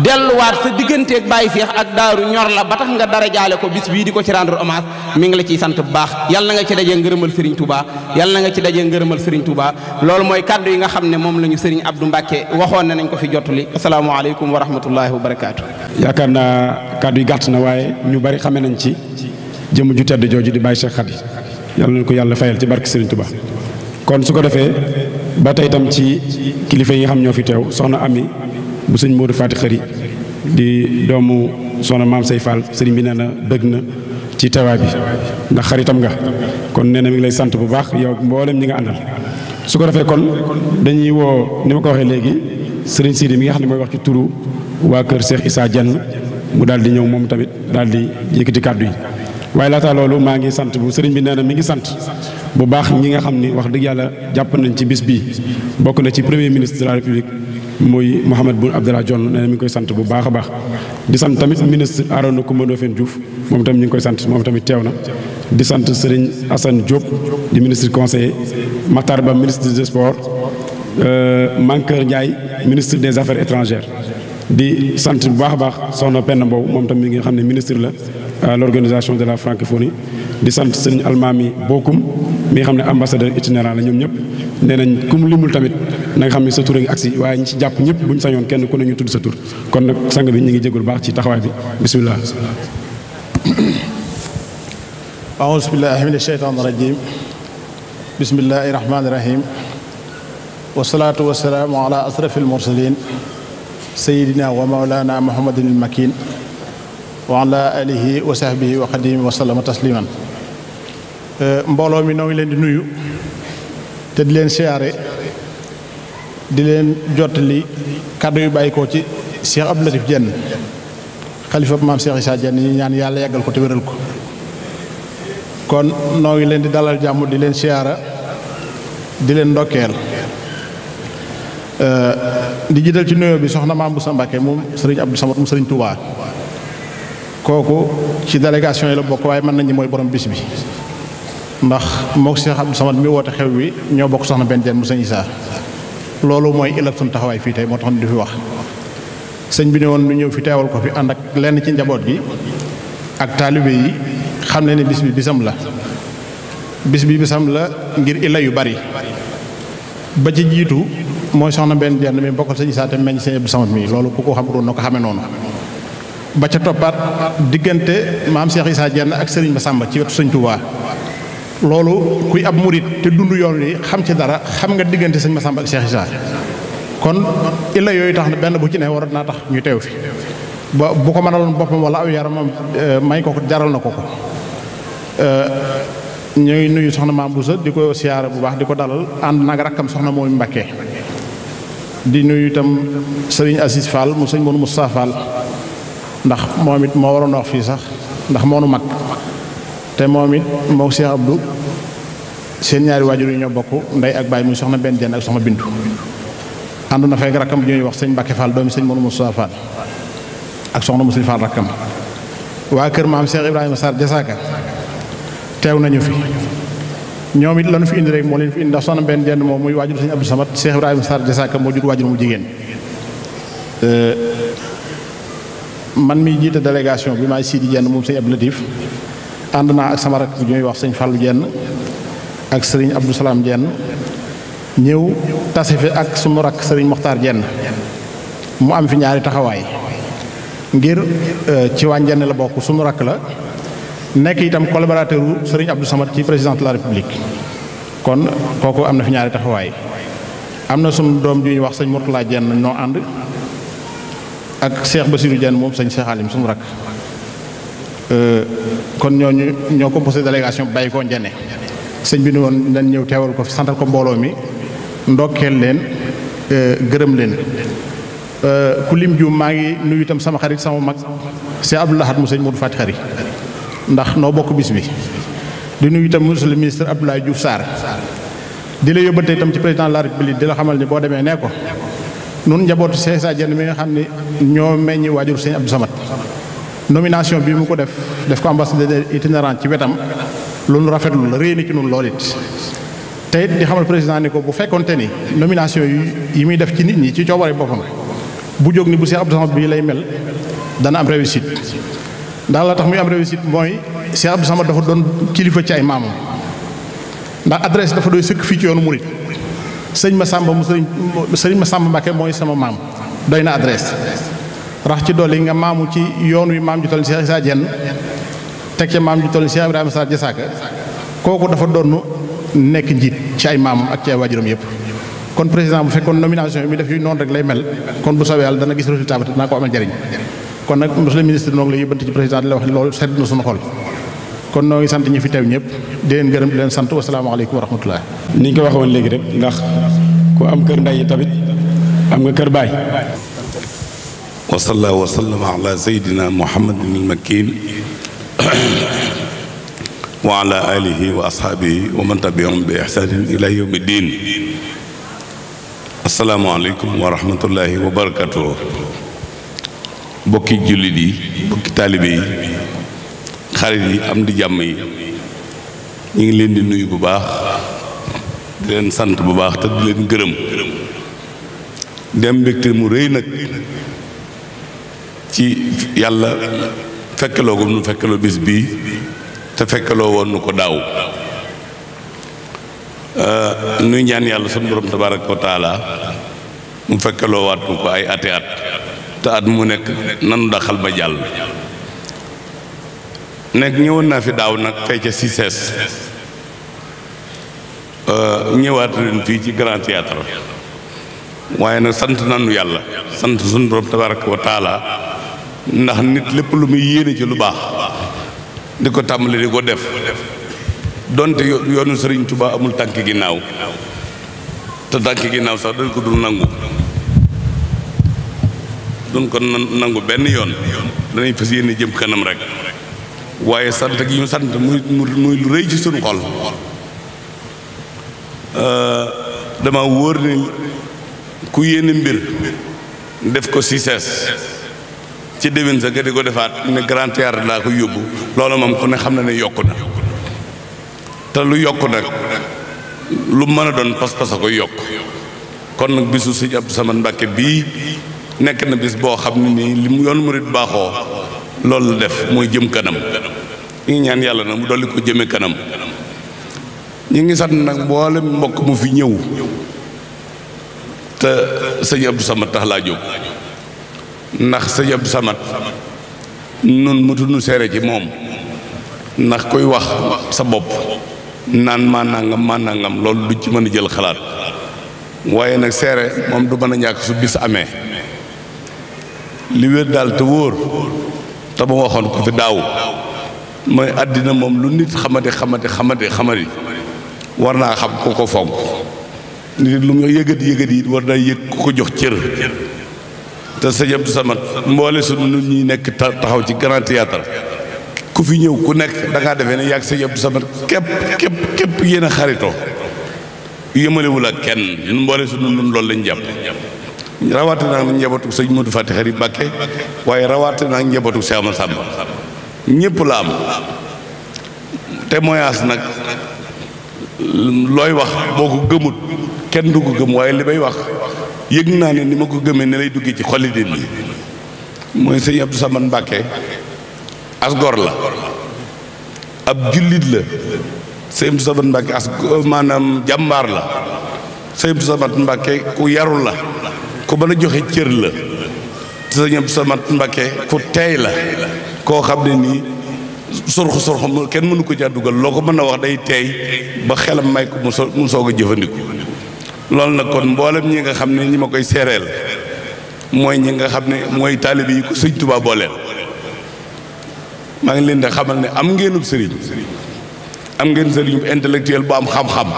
delluwaat sa digganteeg Baye Seex ak daaru ñor la ba tax nga dara jaale ko bis bii di ko ci rendre hommage mi ngi la ciy sant bu baax yal na nga ci dajee ngërëmal Serigne Touba yal na nga ci dajee ngërëmal Serigne Touba loolu mooy kàddu yi nga xam ne moom la ñu Serigne Abdou Mbacke waxoon ne nañ ko fi jottali asalaamaaleykum wa rahmatullahi wa barakaatu. yaakaar naa kàddu yi gàtt na waaye ñu bari xame nañ ci jëmm ju tedd jooju di Baye Seex Xadi yal nañ ko yàlla fayal ci barke Serigne Touba kon su ko defee ba tey tam ci kilifa yi nga xam ñoo fi teew soxna Ami bu sëñ Modou Faty Khary di doomu soxna maam say Fall sëriñ bi nee na bëgg na ci tawaay bi ndax xaritam nga kon nee na mi ngi lay sant bu baax yow mbooleem ñi nga àndal su ko defee kon dañuy woo ni ma ko waxee léegi sëriñ Sidi mi nga xam ne mooy wax ci turu waa kër Cheikh Issa Dieng mu daal di ñëw moom tamit daal di yëkkati kàddu yi waaye laata loolu maa ngi sant bu sëriñ bi nee na mi ngi sant bu baax ñi nga xam ni wax dëgg yàlla jàpp nañ ci bis bi bokk na ci premier ministre de muy Mouhamed Boun Abdallah Dionne nee mi ngi koy sant bu baax a baax di sant tamit ministre Arona Coumba Ndoffène Diouf moom tamit ñu ngi koy sant moom tamit teew na di sant Serigne Assane Diop di ministre conseiller Matar Ba ministre des sports euh, Mankeur Ndiaye ministre des affaires étrangères di sant bu baax a baax soxna Penda Mbow moom tamit nga xam ne ministre la à l'organisation de la francophonie di sant Serigne Almami Bokum mi nga xam ne ambassadeur itinérant la ñoom ñëpp nee na nga xam ne sa tur a ngi agsi waaye ci jàpp ñëpp bu ñu sañoon kenn ku ne ñu tudd sa tur kon nag sang bi ñu ngi jégul baax ci taxawaay bi bisimilah aouzu billahi min asheytaan rajim bismillahi rahmaani rahim wa maulana muhammadin almakin wa ala alihi wa sahbihi wa xadimi wa sallama tasliman mbooloo mi noo ngi leen di nuyu te leen siyaare di leen jottali kàddu yu bàyyi ci Cheikh Abdou Latif Diène xalifa maam Cheikh Issa Diène ñu ñaan yàlla yàggal ko te wéral ko kon noo ngi leen di dalal jàmm di leen siyaara di leen ndokkeel di jiital ci nuyoo bi soxna maam bu sa Mbàkke moom sëriñ Abdou Samad moom sëriñ Touba kooku ci délégation yi la bokk waaye mën nañu mooy borom bis bi ndax mook Cheikh Abdou mi woote xew wi ñoo bokk soxna benn Diène mu sëñ Issa loolu mooy ëllëg suñu taxawaay fii tey moo tax ñu di fi wax sëñ bi ne woon nu ñëw fi teewal ko fi ànd ak lenn ci njaboot gi ak taalibe yi xam ne ne bis bi bisam la bis bi bisam la ngir illa yu bari ba ci jiitu mooy soxna benn jenn mi bokkal sëñ saate meññ sëñ Abdou Samad mi loolu ku ko xamutoon na ko xame noonu ba ca toppaat diggante maam Cheikh saa jenn ak Serigne Massamba ci wetu sëñ loolu kuy ab murit te dund yoon wi xam ci dara xam nga diggante sañ Massamba ak Cheikh kon illa yooyu tax na benn bu ci ne waroon naa tax ñu teew fi ba bu ko mënaloon boppam wala aw yaramam euh, may ko ko jaral na ko ko euh, ñooy nuyu soxna maam Boussa di ko siyaare bu baax di ko dalal ànd nag rakkam soxna mooy Mbakke di nuyu tam sëriñ Asis Fall mu sëñ Moonu Moustapha Fall ndax moom it moo waroon wax fii sax ndax moonu mag te moom it moo Cheikh Abdou seen ñaari waajur yi ñoo bokk ndey ak baay muy soxna benn jenn ak soxna bintu na fekk rakkam ñuy wax sëñ Mbacke Fall doomi sëñ Mor Moussa Fall ak soxna Moussa Fall rakkam waa kër maam Cheikh Ibrahima nañu fi it lañu fi indi rek moo leen fi indi ndax benn jenn moom muy waajur sëñ Abdou Samad Cheikh Ibrahima Sarr Jasaaka moo jur waajur mu jigéen euh, man mi jiite délégation bi maay Sidi Jenn moom sëñ Abdou ànd naa ak sama rakk ñuy wax sañ falu jenn ak sëriñ Abdou Salaam Dieng ñëw tase ak sunu rakk sëriñ Mokhtar Dieng mu am fi ñaari taxawaay ngir euh, ci waa Dieng la bokk sunu rakk la nekk itam collaborateur u sëriñ Abdou Samad ci président de la République kon kooku am na fi ñaari taxawaay am na sunu doom ju wax sëñ Mourtala Dieng noo ànd ak Cheikh Basirou Dieng moom sëñ Cheikh Alim rakk. Euh, kon ñooñu ñoo composé délégation bàyyi ko njane sëñ bi ni woon dañ ñëw teewal ko fi santal ko mbooloo mi ndokkeel leen euh, gërëm leen euh, ku lim ju maa ngi nuyu itam sama xarit sama mag si Abdou Lahad mu sëñ Modou Fati xarit ndax noo bokk bis bi di nuyu itam monsieur le ministre Abdoulaye Diouf di la yóbbante tam ci président de la république di la xamal ni boo demee nee ko nun njabootu César Diène mi nga xam ne ñoo meññi waajur sëñ Abdou samat nomination bi mu ko def def ko ambassadeur itinérant ci wetam loolu rafetlu la réy ci ñun lool it te it di xamal président ni ko bu fekkonte ni nomination yi muy def ci nit ñi ci coobare boppam bu jóg ni bu Cheikh Abdou Samad lay mel dana am réussite ndax la tax muy am réussite mooy Cheikh Abdou dafa doon kilifa ci ay maamam ndax adresse dafa doy sëkk fii ci yoonu murit sëñ Massamba mu ma sëriñ Massamba Mbacké mooy sama maam doy na adresse rax ci dolli nga maamu ci yoon wi maam ju toll Cheikh Issa teg ca maam ju toll Cheikh Ibrahima kooku dafa doon nekk njiit ci ay maamam ak ci ay waajuram yëpp kon président bu fekkoon nomination bi mu def yu noonu rek lay mel kon bu soobee yàlla dana gis résultat bi te dana ko amal njariñ kon nag monsieur le ministre noo ngi lay yóbbante ci président di la wax loolu sedd na suñu xol kon noo ngi sant ñi fi teew ñëpp di leen gërëm di leen sant wasalaamaaleykum wa rahmatullah ni ñu ko waxoon léegi rek ndax ku am kër ndey tamit am nga kër baay wa salla wa sallama ala sayyidina muhammadin al-makin wa ala alihi wa ashaabihi wa man tabiahum bi ihsaanin ila yawmi diin asalaamaaleykum wa rahmatullahi wa barakatuh bokki jullit yi bokki taalibe yi xarit yi am di jàmm yi ñu ngi leen di nuyu bu baax di leen sant bu baax te di leen gërëm dem mbégte mu rëy nag ci yàlla fekkeloo gum nu fekkeloo bis bii te fekkeloo woon nu ko daaw euh, nuy ñaan yàlla sunu borom tabaraka wa mu fekkeloo waat ko ay ati at te at mu nekk nanu daxal ba jàll nekk ñëwoon naa fi daaw nag fecca si sees euh, ñëwaat leen fii ci grand théâtre waaye nag sant nanu yàlla sant sunu borom tabaraka wa ndax nit lépp lu muy yéene ci lu baax di ko tàmbali di ko def donte yoonu Sëriñ Tuubaa amul tànk ginnaaw te tànk ginnaaw sax dañ ko dul nangu duñ ko nangu benn yoon danañ fas yéene jëm kanam rek waaye sant gi ñu sant muy muy lu rëy ci suñu xol euh, dama wóor ni ku yéene mbir def ko si sees ci déwén sa nga di ko defaat ne grand laa ko yóbbu loolu moom ku ne xam na ne yokk na te lu yokk nag lu mën a doon pas-pas a koy yokk kon nag bisu sëñ Abdou Samad Mbàkke bii nekk na bis boo xam ne nii li mu yoon murit baaxoo loolu la def mooy jëm kanam ñu ngi ñaan yàlla na mu dolli ko jëme kanam ñu ngi sant nag mboolem mbokk mu fi ñëw te sëñ sama tax laa jóg ndax sëñ Abdou Samad nun mëtuñu seere ci moom ndax koy wax sa bopp naan maa nangam maa nangam loolu du ci mën a jël xalaat waaye nag seere moom du mën a ñàkk su bis amee li wér daal te wóor te ma waxoon ko fi daaw mooy àddina moom lu nit xamati xamati xamati xamati war naa xam ku ko fonk nit lu mu yëgati yëgati it war naa yëg ku ko jox cër te sëñ Abdou Samad mboole sunu nu ñuy nekk taxaw ci grand théâtre ku fi ñëw ku nekk dangaa ngaa defee ne yàgg sëñ Abdou Samad képp képp képp yéen a yëmalewul ak kenn ñun mboole sunu nun loolu lañ jàpp rawaate naa nag njabootu sëñ Modou Fati Xari Mbàkke waaye rawaate naa njabootu Cheikh Ama Samba ñëpp la am te témoignage nag looy wax boo ko gëmut kenn dugg ko gëm waaye li may wax yëg naa ne ni ma ko gëmee ne lay duggee ci xolli nit ñi mooy sëñ Abdou Samad Mbàkke as gor la ab jullit la sëñ Abdou Samad Mbàkke as euh, maanaam jàmbaar la sëñ Abdou ku yaru la ku mën a joxe cër la sëñ Abdou Samad Mbàkke ku teey la koo xam ne nii surxu surxu kenn mënu ko caa dugal loo ko mën a wax day teey ba xelam may ko mu soog a jëfandiku loolu nag kon mboolem ñi nga xam ne ñi ma koy seereel mooy ñi nga xam ne mooy taalibe yi ko sëñ Tuubaa booleel maa ngi leen de xamal ne am ngeenub sëriñ am ngeen sëriñ bu intellectuel bu am xam-xam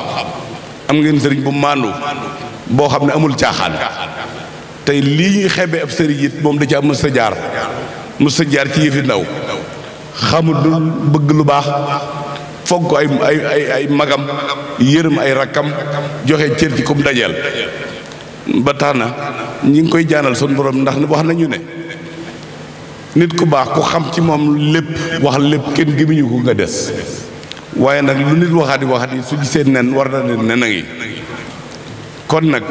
am ngeen sëriñ bu maandu boo xam ne amul caaxaan tey lii ñuy xebe ab sëriñ it moom da ci am sa jaar mës sa jaar ci yëfi ndaw xamul bëgg lu baax ko ay ay ay magam yërëm ay rakkam joxe cër ci kum dajal ba tax na ñi ngi koy jaanal sun borom ndax wax nañu ne nit ku baax ku xam ci moom lépp wax lépp kenn gémmiñu ko nga des waaye nag lu nit waxaat yi waxaat yi su gisee nen war na nen nen a kon nag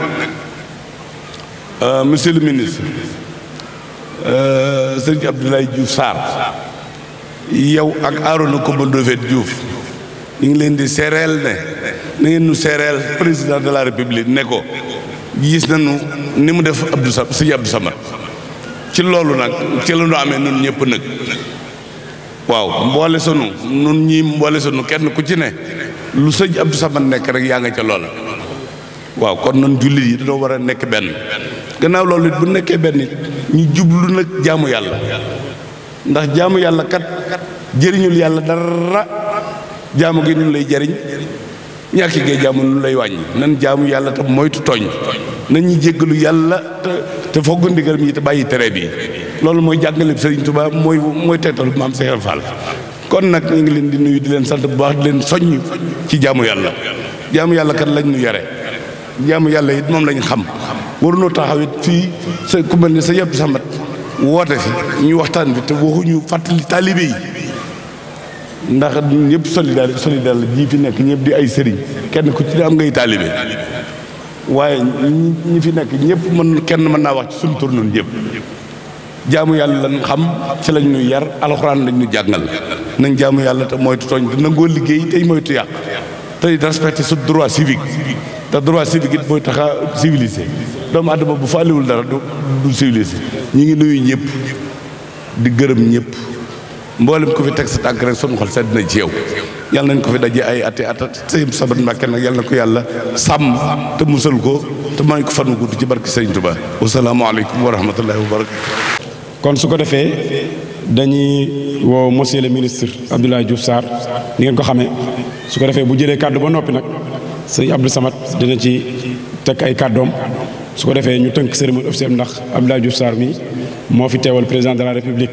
euh, monsieur le ministre euh, sëriñ Abdoulaye Diouf Sarr yow ak Arouna Coumba Ndoffène Diouf ñu ngi leen di seereel ne na ngeen nu seereel président de la république ne ko gis nu ni mu def Abdou Sa sëñ Abdou Samad ci loolu nag ci la ñu amee nun ñëpp nag waaw mboole sunu nun ñi mboole sunu kenn ku ci ne lu sëñ Abdou Samad nekk rek yaa nga ca loola waaw kon nun jullit yi dañoo war a nekk benn gannaaw loolu it bu nekkee benn it ñu jublu nag jaamu yàlla ndax jaamu yàlla kat jëriñul yàlla dara jaamu gi lay jariñ ñàkk gee jaamu nun lay wàññi nan jaamu yàlla te moytu tooñ nañu jéggalu yàlla te te fogg ndigal mi te bàyyi tere bi loolu mooy jàngale Sëriñ tubaab mooy mooy bu maam Seex Faal kon nag ñu ngi leen di nuyu di leen sant bu baax di leen soññ ci jaamu yàlla jaamu yàlla kan lañ nu yare jaamu yàlla it moom lañ xam waruñoo taxaw it fii sa ku mel ne sa yëpp samat woote fi ñu waxtaan bi te waxuñu fàttali taalibe yi ndax ñëpp solidaire solidaire la ñi fi nekk ñëpp di ay sëriñ kenn ku ci am ngay taalibe waaye ñi fi nekk ñëpp mën kenn mën naa wax ci suñu tur noonu ñëpp jaamu yàlla lañ xam ci lañ ñu yar alxuraan lañu ñu jàngal nañ jaamu yàlla te moytu tooñ te nangoo liggéey tey moytu yàq tey respecté su droit civique te droit civique it mooy tax a civilisé doomu adama bu faaliwul dara du civilisé ñi ngi nuyu ñëpp di gërëm ñëpp mboolem ko fi teg sa tànk rek sunu xol sedd na ci yow yàlla nañ ko fi daje ay ati atat sëñ Sabat Mbàkke nag yàlla na ko yàlla sàmm te musal ko te may ko fanu gudd ci barki sëñ Tuba wasalaamualeykum wa rahmatullahi wa barakatu kon su ko defee dañuy wow monsieur le ministre Abdoulaye Diouf Sarr ni ngeen ko xamee su ko defee bu jëlee kàddu ba noppi nag sëñ Abdou samat dina ci teg ay kàddoom su ko defee ñu tënk cérémonie officielle ndax Abdoulaye Diouf Sarr mi moo fi teewal président de la république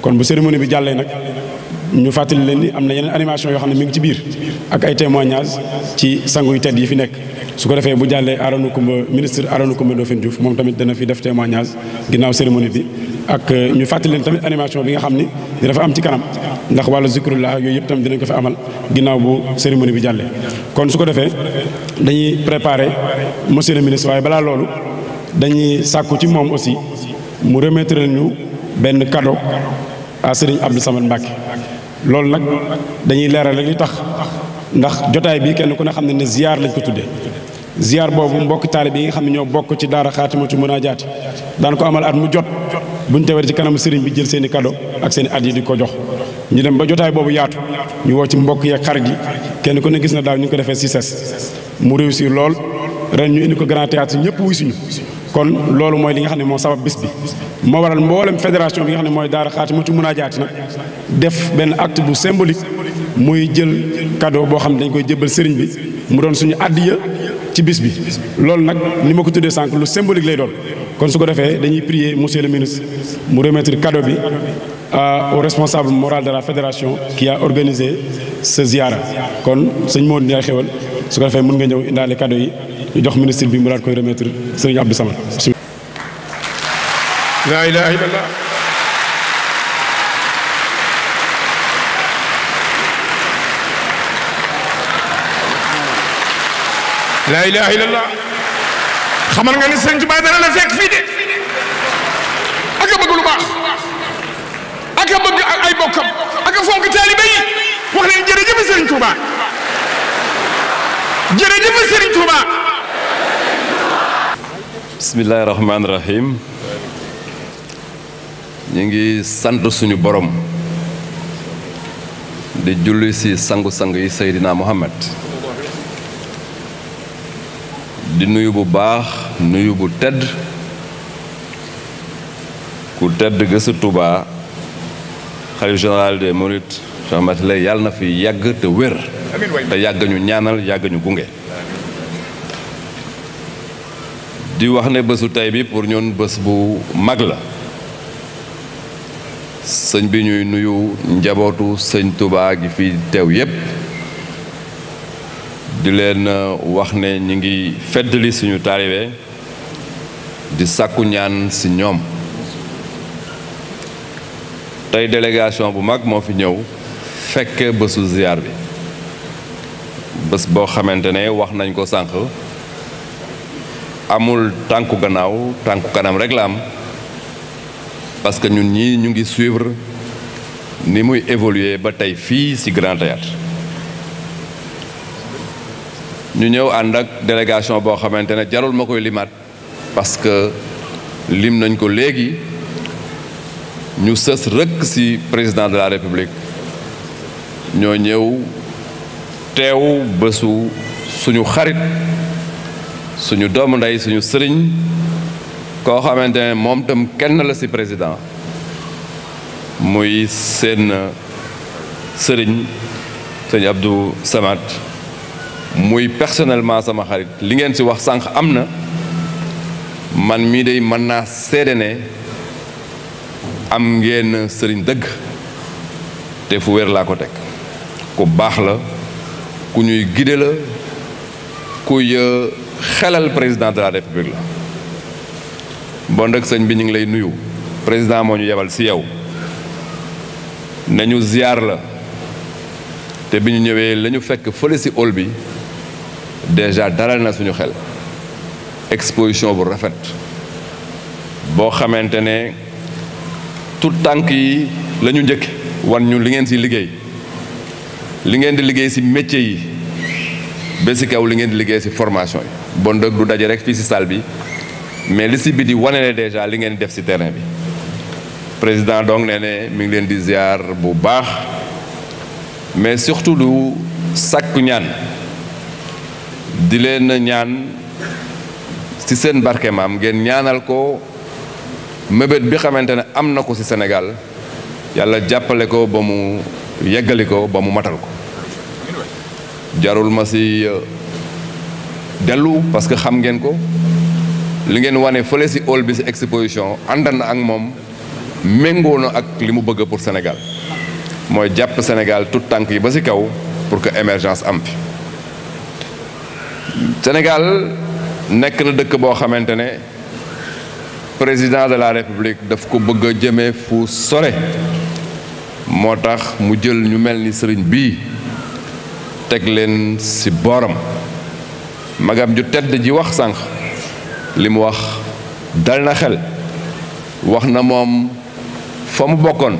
kon bu cérémonie bi jàllee nag ñu fàttali leen ni am na yeneen animation yoo xam ne mi ngi ci biir ak ay témoignages ci sanguy tedd yi fi nekk su ko defee bu jàllee Arona Coumba ministre Arona Coumba Ndoffène Diouf moom tamit dana fi def témoignage ginnaaw cérémonie bi ak euh, ñu fàttali leen tamit animation bi nga xam ni dina fa am ci kanam ndax wàllu zikrullah yooyu yëpp tamit dina ko fa amal ginnaaw bu cérémonie bi jàllee. kon su ko defee dañuy préparer monsieur le ministre waaye balaa loolu dañuy sàkku ci moom aussi mu remettre ñu benn kado a Serigne Abdou Samad Mbacke loolu nag dañuy leeral rek li tax ndax jotaay bii kenn ku ne xam ne ne ziar lañ ko tuddee. ziar boobu mbokk taalibe yi nga xam ne ñoo bokk ci daara xaatimatu munaajaati daan ko amal at mu jot buñ tewee ci kanamu sëriñ bi jël seen i kado ak seen i yi di ko jox ñu dem ba jotaay boobu yaatu ñu woo ci mbokk yeeg xarit yi kenn ku ne gis na daaw ñu ngi ko defee si ses mu réussir lool ren ñu indi ko grand ñëpp wuy suñu kon loolu mooy li nga xam ne moo sabab bis bi moo waral mboolem fédération bi nga xam ne mooy daara xaatimatu munaajaati nag def benn acte bu symbolique muy jël kado boo xam ne dañ koy jëbal sëriñ bi mu doon suñu addiya ci bis bi loolu nag ni ma ko tuddee sànq lu symbolique lay doon kon su ko defee dañuy prier monsieur le ministre mu remettre cadeau bi euh, au responsable moral de la fédération qui a organisé ce ziara kon sëñ moon Ndiaye xewal su ko defee mën nga ñëw indaale cadeau yi jox ministre bi mu daal koy remettre sëriñ Abdou Samad. laa ilaaha laa ilaha illallah xamal nga ni sëñ Tuubaa dana la fekk fii de ak bëgg lu baax ak bëgg ay bokkam ak fonk taalibe wax leen jërëjëf sëriñ Tuubaa jërëjëf sëriñ Tuubaa bismillahi rahmaani ñu ngi sant suñu borom di julli si sangu sangu yi Seydina Muhammad di nuyu bu baax nuyu bu tedd ku tedd ga tubaa Touba xalif général des Mourides Cheikh Ahmed Lay na fi yàgg te wér te yàgg ñu ñaanal yàgg ñu gunge di wax ne bésu tey bi pour ñun bés bu mag la sëñ bi ñuy nuyu njabootu sëñ tubaa gi fi teew yépp di leen uh, wax ne ñu ngi feddali suñu taalibe di sàkku ñaan si ñoom tey délégation bu mag moo fi ñëw fekke bésu ziar bi bés boo xamante ne wax nañ ko sànq amul tànku gannaaw tànku kanam rek la am parce que ñun ñii ñu ngi suivre ni muy évoluer ba tey fii ci Grand Théâtre ñu ñëw ànd ak délégation boo xamante ne jarul ma koy limaat parce que lim nañ ko léegi ñu sës rëkk ci président de la république ñoo ñëw teew bésu suñu xarit suñu doomu ndey suñu sëriñ koo xamante ne moom tam kenn la ci président muy seen sëriñ sëñ Abdou Samad muy personnellement sama xarit li ngeen ci wax sànq am na man mii day mën naa seede ne am ngeen sëriñ dëgg te fu wér laa ko teg ku baax la ku ñuy guide la kuy xelal président de la république la bon nag sëñ bi ñu ngi lay nuyu président moo ñu yebal ci yow nañu ziar la te bi ñu ñëwee lañu fekk fële ci hall bi déjà dalal na suñu xel exposition bu rafet boo xamante ne tout tànk yi la ñu njëkk wan ñu li ngeen ci liggéey li ngeen di liggéey ci métier yi ba ci kaw li ngeen di liggéey ci formation yi bon dëgg du daje rek fii ci salle bi mais li si ci yi wane ne déjà li ngeen di def ci terrain bi président donc nee ne mi ngi leen di ziar bu baax mais surtout du sàkku ñaan di leen ñaan ci seen barke maam ngeen ñaanal ko mébét bi xamante ne am na ko ci Sénégal yàlla jàppale ko ba mu yeggali ko ba mu matal ko jarul ma ci euh, dellu parce que xam ngeen ko li ngeen wane fële ci hall bi ci exposition àndan ak moom méngoo na ak li mu bëgg pour Sénégal mooy jàpp Sénégal tout tànk yi ba ci kaw pour que émergence am fi Sénégal nekk na dëkk boo xamante ne président de la république dafa ko bëgg a jëmee fu sore moo tax mu jël ñu mel ni sëriñ bii teg leen ci booram magam ju tedd ji wax sànq li mu wax dal na xel wax na moom fa mu bokkoon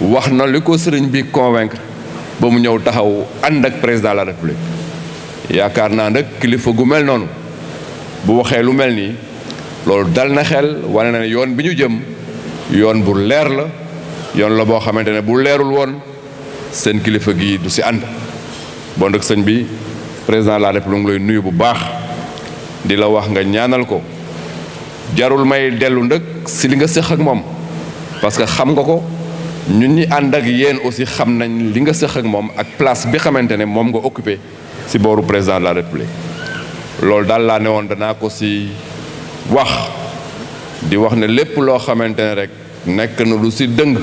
wax na li ko sëriñ bi convaincre ba mu ñëw taxaw ànd ak président de la république yaakaar naa nag kilifa gu mel noonu bu waxee lu mel nii loolu dal na xel wane na ne yoon bi ñu jëm yoon bu leer la yoon la boo xamante ne bu leerul woon seen kilifa gi du si ànd bon nag sëñ bi président de la république lay nuyu bu baax di la wax nga ñaanal ko jarul may dellu ndëkk si li nga séq ak moom parce que xam nga ko ñun ñu ànd ak yéen aussi xam nañ li nga séq ak moom ak place bi xamante ne moom nga occupé si booru président de la république loolu daal laa ne woon danaa ko si wax di wax ne lépp loo xamante ne rek nekk na lu si dëng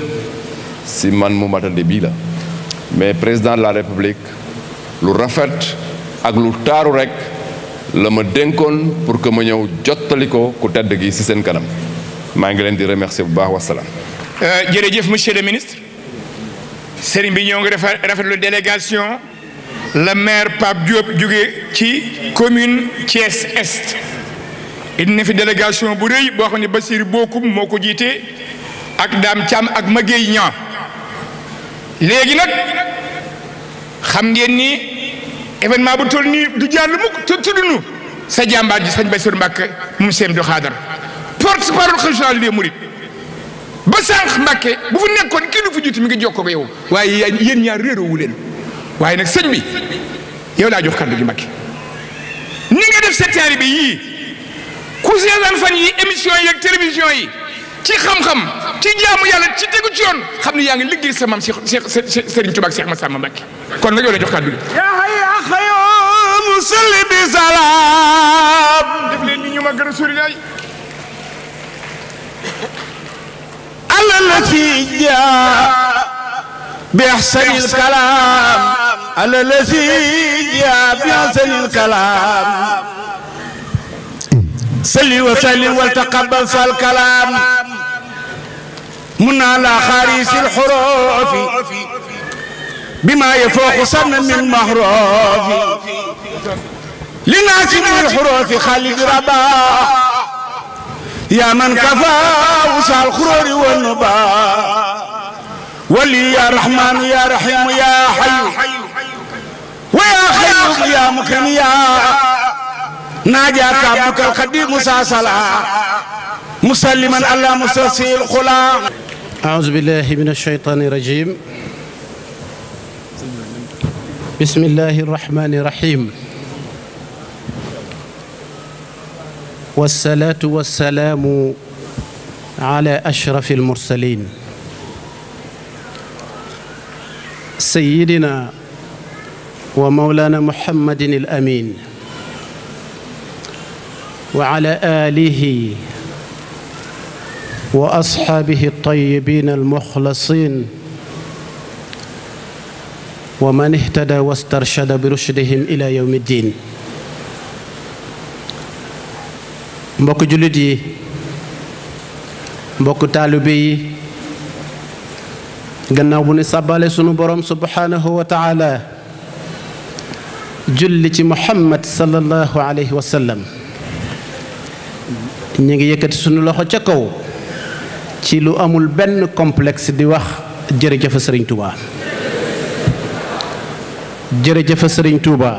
si man mu matandi bii la mais président de la république lu rafet ak lu taaru rek la ma dénkoon pour que ma ñëw jottali ko ku tedd gi si seen kanam maa ngi leen di remercier bu baax wasalaam. Euh, jërëjëf monsieur bi ñoo ngi rafetlu délégation. la maire Pape Diop jóge ci commune Thiès Est indi fi délégation bu rëy boo xam ne Basir Bokum moo ko jiite ak Dame Thiam ak Maguey Niang léegi nag xam ngeen ni événement bu toll nii du jàll mukk te tuddunu sa jàmbaar ji sañ Basir Mbàkke moom seen du xaadar porte parole régional des Mourides ba sànq Mbàkke bu fu nekkoon kii lu fu jiitu mi ngi jokkoo ko yow waaye yéen ñaar réeroowu leen waaye nag sëñ bi yow laa jox kàddu gi Mbàkke ni nga def sa taalibe yii ku seetaan fan yi émission yi ak télévision yi ci xam-xam ci jaamu yàlla ci tegu ci yoon xam ne yaa ngi liggéey sa maam Cheikh Cheikh Serigne Touba ak Cheikh kon nag yow laa jox kàddu gi yaa hayya xayoo salli bi salaam def ñu ma gën alal la ci بأحسن الكلام على الذي جاء بأحسن الكلام صل وسلم وتقبل فالكلام من على خاريس الحروف بما يفوق سمن من محروف لناجم الحروف خالد ربا يا من كفى وسع الخرور والنبا ولي يا رحمن يا رحيم يا حي ويا خيوم يا مكن يا ناجاك عبدك القديم ساسلا مسلما على مسلسل الخلا أعوذ بالله من الشيطان الرجيم بسم الله الرحمن الرحيم والصلاة والسلام على أشرف المرسلين سيدنا ومولانا محمد الأمين وعلى آله وأصحابه الطيبين المخلصين ومن اهتدى واسترشد برشدهم إلى يوم الدين mbokk jullit yi mbokk taalibe yi gannaaw bu ni sàbbaale sunu boroom subhaanahu wa taala julli ci muhammad sallallahu alayhi wa sallam ñu ngi yëkkati suñu loxo ca kaw ci lu amul benn complex di wax jërëjëfa sëriñ Touba jërëjëfa sëriñ Touba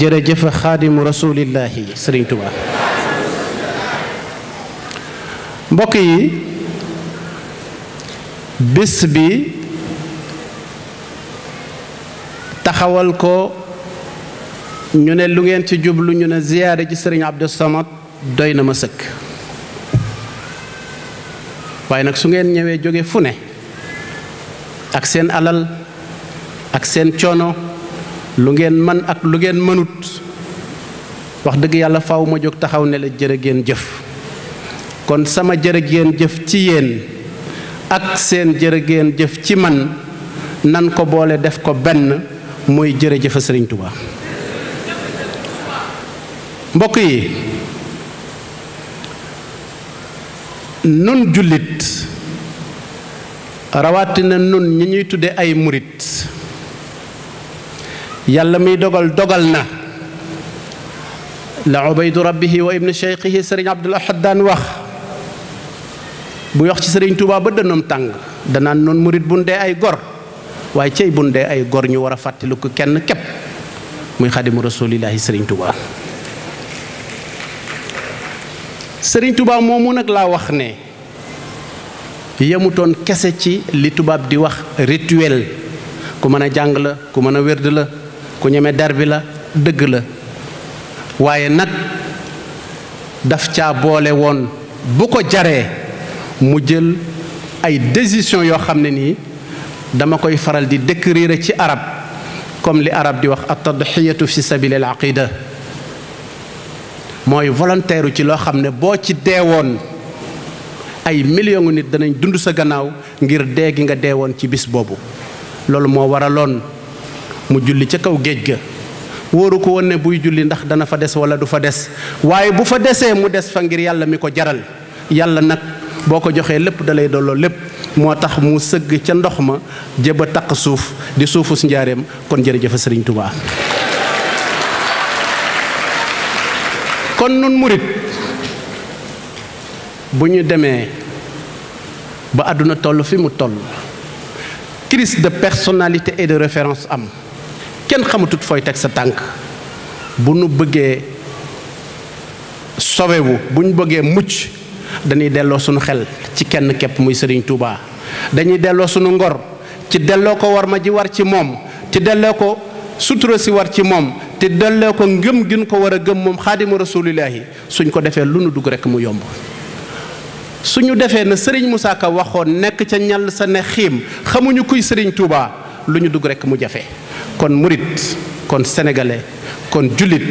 jërëjëfa xaadimu rasulillahi sëriñ Touba mbokk yi bés bi taxawal ko ñu ne lu ngeen ci jub lu ñu ne ziyaare ci sëriñ Abdou Samad doy na ma sëkk waaye nag su ngeen ñëwee jóge fu ne ak seen alal ak seen coono lu ngeen man ak lu ngeen mënut wax dëgg yàlla faw ma jóg taxaw ne la jërë ngeen jëf kon sama jërë ngeen jëf ci yéen ak seen jërëgeen jëf ci man nan ko boole def ko benn mooy jërëjëf sëriñ Touba mbokk yi nun jullit rawatina nun ñi ñuy tudde ay murit yàlla muy dogal dogal na la ubaydu rabbihi wa ibnu cheikhihi sëriñ Abdul daan wax bu yox ci sëriñ tubaab ba dënam tàng danaan noon murit bun dee ay gor waaye cey bun dee ay gor ñu war a fàttali ko kenn képp muy xadimu rasulillahi sëriñ Touba. sëriñ tubaab moomu nag laa wax ne yemutoon kese ci li tubaab di wax rituel ku mën a jàng la ku mën a wérd la ku ñeme der bi la dëgg la waaye nag daf caa boole woon bu ko jaree mu jël ay décision yoo xam ne nii dama koy faral di décrire ci arab comme li arab di wax at ci sa sabili al aqida mooy volontaire ci loo xam ne boo ci deewoon ay million nit danañ dund sa gannaaw ngir dee gi nga deewoon ci bis boobu loolu moo waraloon mu julli ca kaw géej ga wóoru ko woon ne buy julli ndax dana fa des wala du fa des waaye bu fa desee mu des fa ngir yàlla mi ko jaral yàlla nag boo ko joxee lépp dalay dolloo lépp moo tax mu sëgg ca ndox ma jëba taq suuf di suufu suufus njaareem kon jërëjëf sëriñ Touba. kon nun murit bu ñu demee ba àdduna toll fi mu toll crise de personnalité et de référence am kenn xamatut fooy teg sa tànk bu nu bëggee sowewu bu ñu bëggee mucc dañuy delloo suñu xel ci kenn képp muy sëriñ Touba dañuy delloo sunu ngor ci delloo ko war ma ji war ci moom te delloo ko sutura si war ci moom te delloo ko ngëm gin ko war a gëm moom xaadimu rasulillahi suñ ko defee lu nu dugg rekk mu yomb suñu defee na sëriñ Moussa Ka waxoon nekk ca ñal sa ne xiim xamuñu kuy sëriñ Touba lu ñu dugg rek mu jafe kon murit kon sénégalais kon jullit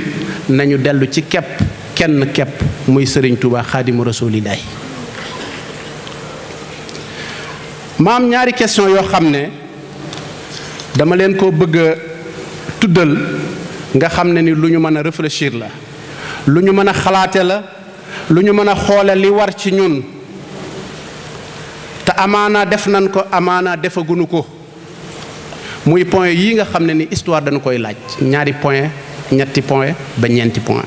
nañu dellu ci kepp kenn kepp muy sëriñ Touba xaadimu rasuulillaahi maam ñaari question yoo xam ne dama leen ko bëgg a tuddal nga xam ne ni lu ñu mën a réfléchir la lu ñu mën a xalaate la lu ñu mën a xoole li war ci ñun te amaana def nañ ko amaana defagunu ko muy point yi nga xam ne ni histoire dañu koy laaj ñaari point ñetti point ba ñeenti point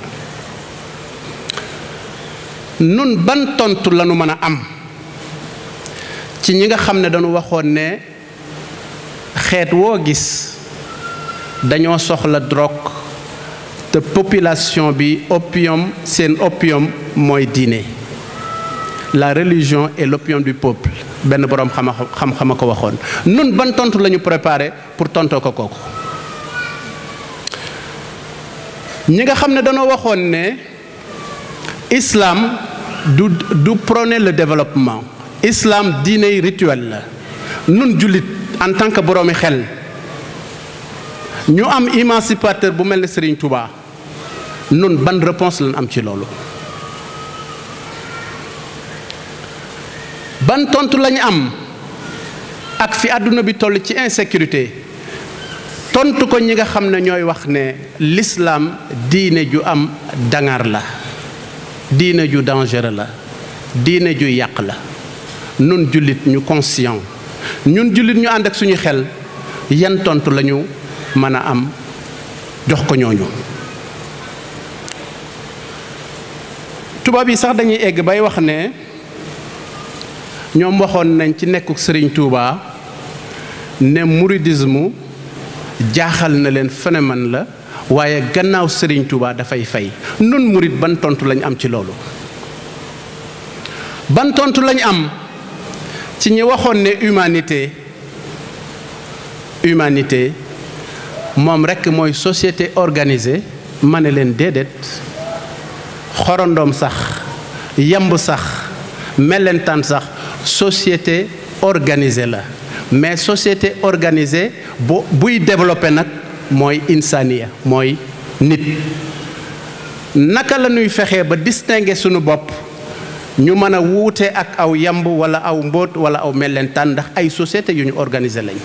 nun ban tontu lañu mën a am ci ñi nga xam ne dañu waxoon ne xeet woo gis dañoo soxla drogue te population bi opium seen opium mooy diine la religion et l'opium du peuple benn boroom xam xam-xama ko waxoon nun ban tontu lañu ñu pour tontoo ko kooku ñi nga xam ne dañoo waxoon ne islaam du du prôner le développement islam diiney rituel la nun jullit en tant que boroomi xel ñu am émancipateur bu mel ne Serigne Touba nun ban réponse lañ am ci loolu ban tontu lañu am ak fi àdduna bi toll ci insécurité tontu ko ñi nga xam ne ñooy wax ne l'islam diine ju am dangar la diine ju dangere la diine ju yàq la nun jullit ñu conscient ñun jullit ñu ànd ak suñu xel yan tontu lañu ñu mën a am jox ko ñooñu tubaab yi sax dañuy egg bay wax ne ñoom waxoon nañ ci nekkuk sëriñ Touba ne muridismu jaaxal na leen phénomène la waaye gannaaw Serigne Touba dafay fay nun murit ban tontu lañ am ci loolu ban tontu lañ am ci ñi waxoon ne humanité humanité moom rekk mooy société organisée ma ne leen déedéet xorondoom sax yamb sax mellentaan sax société organisée la mais société organisée bu buy développé nag mooy insania mooy nit naka la ñuy fexee ba distinguer suñu bopp ñu mën a wuute ak aw yamb wala aw mbóot wala aw mellentaan ndax ay société yu ñu organiser lañ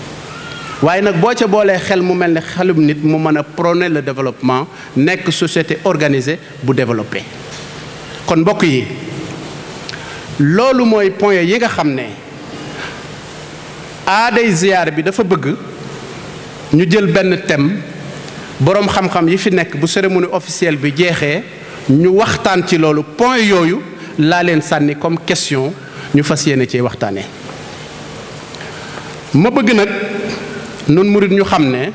waaye nag boo ca boolee xel mu mel ni xelum nit mu mën a prôner le développement nekk société organisée bu développé kon mbokk yi loolu mooy point yi nga xam ne aaday ziyaar bi dafa bëgg ñu jël benn thème boroom xam-xam yi fi nekk bu cérémonie officielle bi jeexee ñu waxtaan ci loolu point yooyu laa leen sànni comme question ñu fas yéene ci waxtaanee. ma bëgg nag nun murit ñu xam ne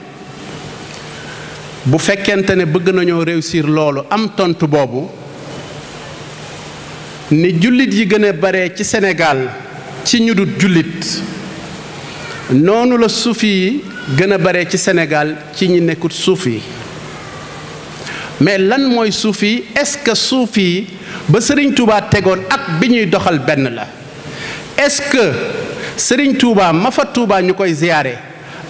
bu fekkente ne bëgg nañoo réussir loolu am tontu boobu ni jullit yi gën a bare ci Sénégal ci ñu dut jullit noonu la sufi gën a bare ci senegal ci ñi nekkut suuf yi mais lan mooy suuf yi est-ce que suuf yi ba Serigne Touba tegoon ak bi ñuy doxal benn la est-ce que Serigne Touba ma fa Touba ñu koy ziyaare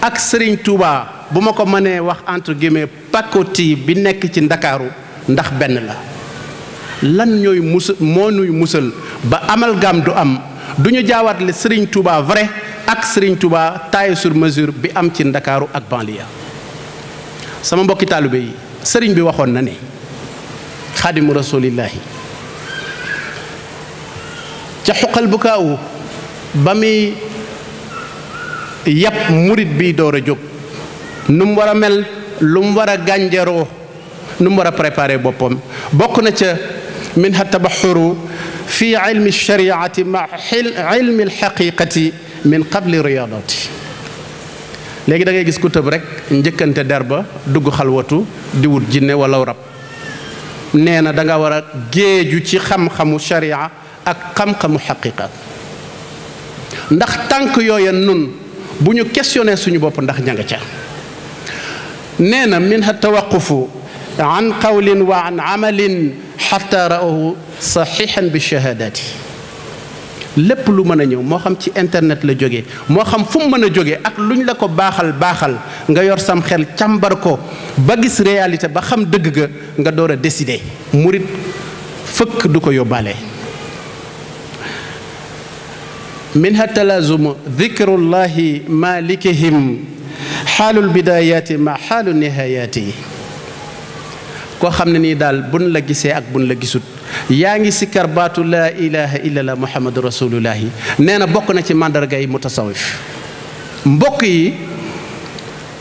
ak sëriñ Touba bu ma ko mënee wax entre guillemets pacotille bi nekk ci Ndakaaru ndax benn la lan ñooy musal moo nuy musal ba amalgam du am du ñu jaawaat le Serigne Touba vrai ak sëriñ Touba taille sur mesure bi am ci ndakaaru ak banlieue sama mbokki taalibe yi sëriñ bi waxoon na ne xaadimu rasulillahi ca xuqal bu kaawu ba muy yàpp murit bi door a jóg nu mu war a mel lu mu war a gànjaroo nu mu war a préparé boppam bokk na ca min ha tabaxuru fi ilmi shariati ma ilmi alxaqiqati min qabli riyaadati léegi da gis ku tëb rek njëkkante der ba dugg xalwatu di wut jinne wala rab nee na danga war a géeju ci xam-xamu sharia ak xam-xamu xaqiqa ndax tànk yooya nun bu ñu questionné suñu bopp ndax ña nga ca nee na minha tawaqufu an qawlin wa an amalin xata ra'ahu saxiixan bi shahaadaati lépp lu mën a ñëw moo xam ci internet la jóge moo xam fu mën a jógee ak lu luñ la ko baaxal baaxal nga yor sam xel càmbar ko ba gis réalité ba xam dëgg ga nga door a décider murit fëkk du ko yóbbaale minha talaazum dikrullahi malikihim xaalul bidayaati ma xaalu nihayaati koo xam ne nii daal bun la gisee ak bun la gisut yaa ngi sikkar baatu laa ilaha illallah muhammadu rasulullahi nee na bokk na ci màndarga yi mutasawif mbokk yi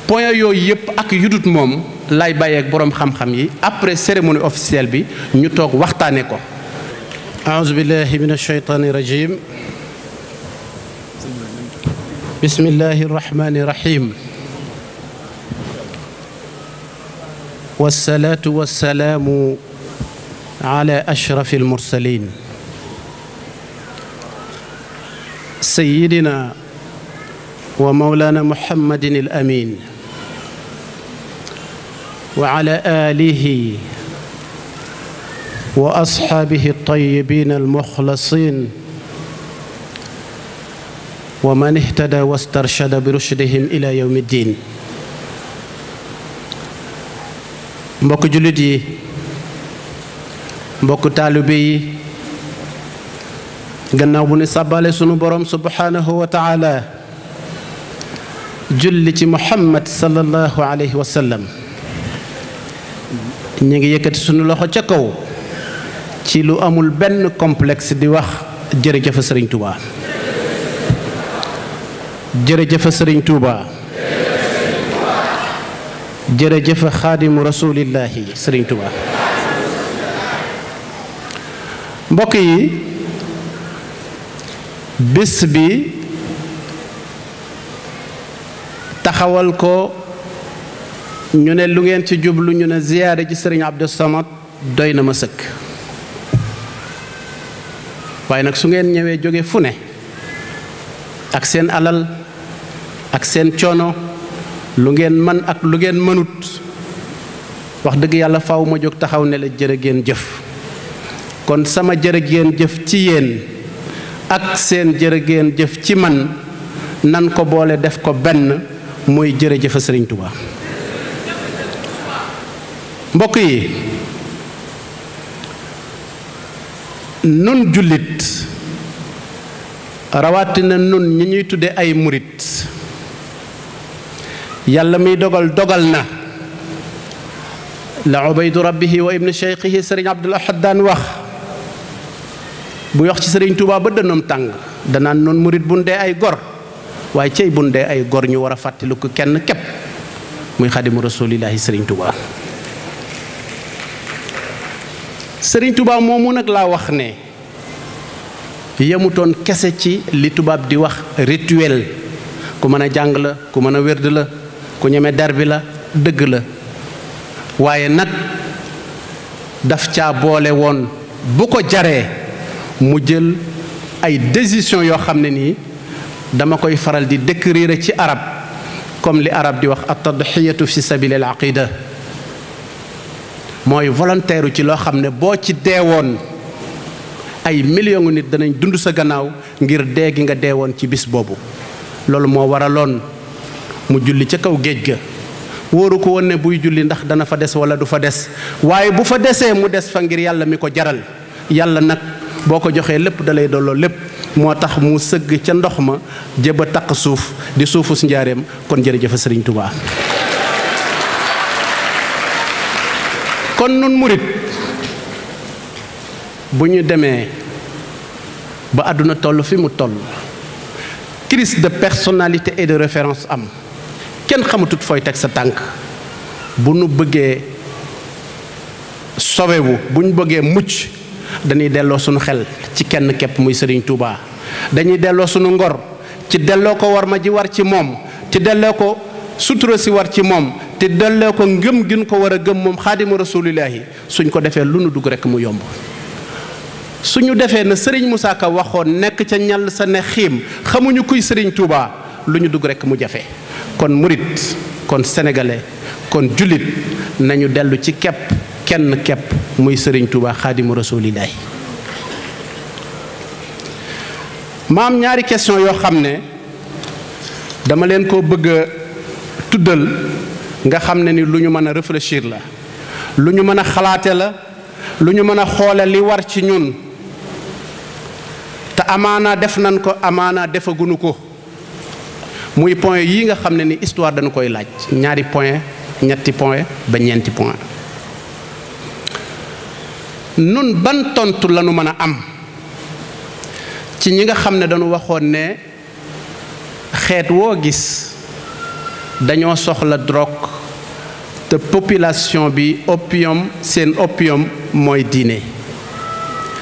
point yooyu yëpp ak yudut moom lay bàyyeeg boroom xam-xam yi après cérémonie officielle bi ñu toog waxtaane ko aouzu billahi min alsheytaani bismillahi rahmaani rahim wasalaatu wasalaamu ala ashrafi almursalin sayidina wa maulana muhammadin al amin wa ala alihi wa asxaabihi altayibiin almuxlasin wa man ihtada wastarshada birushdihim ila yawmi ddin mbokk jullit yi mbokk taalibe yi gannaaw bu ni sàbbaale sunu boroom subhaanahu wa taala julli ci muhammad sallallahu alayhi wa sallam ñu ngi yëkkati sunu loxo ca kaw ci lu amul benn complex di wax jërëjëf Sëriñ Tuuba jërëjëf Sëriñ Tuuba jërëjëf xaadimu rasulillahi sëriñ Tuba mbokk yi bés bi taxawal ko ñu ne lu ngeen ci jublu ñu ne ziyaare ci sëriñ Abdou Samad doy na ma sëkk waaye nag su ngeen ñëwee jóge fu ne ak seen alal ak seen coono lu ngeen man ak lu ngeen mënut wax dëgg yàlla faw ma jóg taxaw ne la jërë ngeen jëf kon sama jërë ngeen jëf ci yéen ak seen jërë ngeen jëf ci man nan ko boole def ko benn mooy jërëjëfa sëriñ Tuubaa mbokk yi nun jullit rawatina nun ñi ñuy tudde ay murit yàlla muy dogal dogal na la ubaydu rabbihi wa ibni cheikhihi sëriñ abdul ahad daan wax bu wax ci sëriñ Touba ba dënam tàng danaa noon murit bun dee ay gor waaye cey bun dee ay gor ñu war a fàttali ko kenn képp muy xadimu rasulillahi sëriñ Touba. sëriñ Touba moomu nag laa wax ne yemutoon kese ci li tubaab di wax rituel ku mën a jàng la ku mën a wérd la ku ñeme der bi la dëgg la waaye nag daf caa boole woon bu ko jaree mu jël ay décision yoo xam ne nii dama koy faral di dëkk décrire ci arab comme li arab di wax at tadxiyatu fi sabili al aqida mooy volontaire ci loo xam ne boo ci deewoon ay millions nit danañ dund sa gannaaw ngir dee gi nga deewoon ci bis boobu loolu moo waraloon mu julli ca kaw géej ga wóoru ko woon ne buy julli ndax dana fa des wala du fa des waaye bu fa desee mu des fa ngir yàlla mi ko jaral yàlla nag boo ko joxee lépp dalay dolloo lépp moo tax mu sëgg ca ndox ma jëba taq suuf di suufu si njaareem kon jërëjëfa sëriñ Touba. kon nun murit bu ñu demee ba àdduna toll fi mu toll crise de personnalité et de référence am kenn xamatut fooy teg sa tànk bu nu bëggee sowewu bu ñu bëggee mucc dañuy delloo sunu xel ci kenn képp muy sëriñ Touba dañuy delloo sunu ngor ci delloo ko war ma ji war ci moom ci delloo ko sutura si war ci moom te delloo ko ngëm gin ko war a gëm moom xaadimu rasulillahi suñ ko defee lu nu dugg rekk mu yomb suñu defee na sëriñ Moussa Ka waxoon nekk ca ñàll sa ne xiim xamuñu kuy sëriñ Touba. lu ñu dugg rekk mu jafe kon murit kon sénégalais kon jullit nañu dellu ci kepp kenn kepp muy sëriñ Tuuba xaadimu rasuulillaahi maam ñaari question yoo xam ne dama leen ko bëgg a tuddal nga xam ne ni lu ñu mën a réfléchir la lu ñu mën a xalaate la lu ñu mën a xoole li war ci ñun te amaana def nañ ko amaana defagunu ko muy point yi nga xam ne ni histoire dañu koy laaj ñaari point ñetti point ba ñeenti point nun ban tontu lañu mën a am ci ñi nga xam ne dañu waxoon ne xeet woo gis dañoo soxla drogue te population bi opium seen opium mooy diine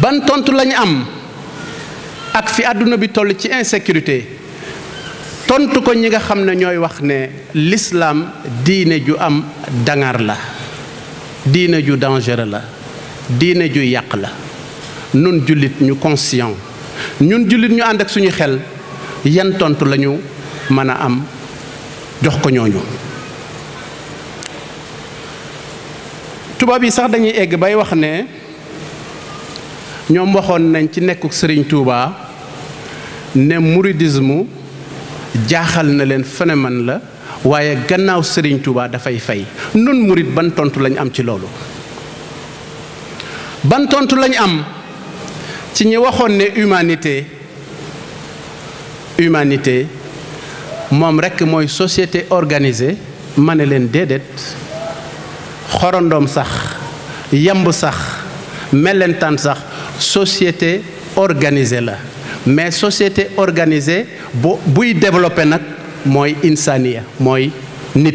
ban tontu lañu am ak fi àdduna bi toll ci insécurité tontu ko ñi nga xam ne ñooy wax ne lislaam diine ju am dangar la diine ju dangere la diine ju yàq la nun jullit ñu conscient ñun jullit ñu ànd ak suñu xel yan tontu lañu mën a am jox ko ñooñu tubaab yi sax dañuy egg bay wax ne ñoom waxoon nañ ci nekkuk sëriñ Touba ne mouridisme jaaxal na leen phénomène la waaye gannaaw sëriñ Touba dafay fay nun murid ban tontu lañu am ci loolu ban tontu lañ am ci ñi waxoon ne humanité humanité moom rekk mooy société organisée ma ne leen déedéet xorondoom sax yamb sax mellentaan sax société organisée la mais société organisée bu buy développé nag mooy insania mooy nit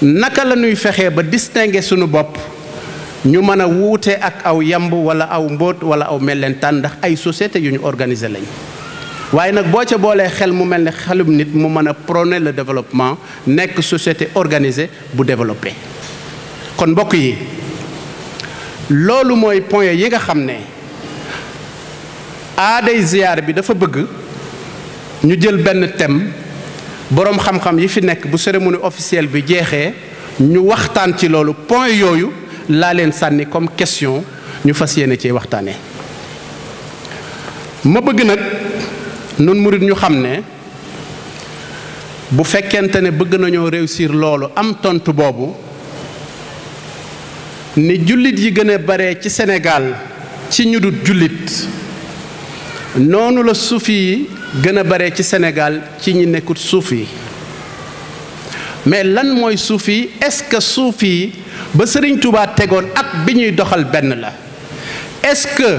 naka la ñuy fexee ba distinguer suñu bopp ñu mën a wuute ak aw yamb wala aw mbóot wala aw mellentaan ndax ay société yu ñu organisé lañ waaye nag boo ca boolee xel mu mel ne xelum nit mu mën a prôner la développement nekk société organisée bu développé kon mbokk yi loolu mooy point yi nga xam ne aaday ziyaar bi dafa bëgg ñu jël benn thème boroom xam-xam yi fi nekk bu cérémonie officielle bi jeexee ñu waxtaan ci loolu point yooyu laa leen sànni comme question ñu fas yéene cee waxtaanee ma bëgg nag nun murit ñu xam ne bu fekkente ne bëgg nañoo réussir loolu am tontu boobu ni jullit yi gën a bare ci senegaal ci ñu dut jullit noonu la suufi gën a bare ci senegaal ci ñi nekkut suufi mais lan mooy suufi yi est-ce que suufi yi ba Sëriñ Tuubaa tegoon ak bi ñuy doxal benn la est-ce que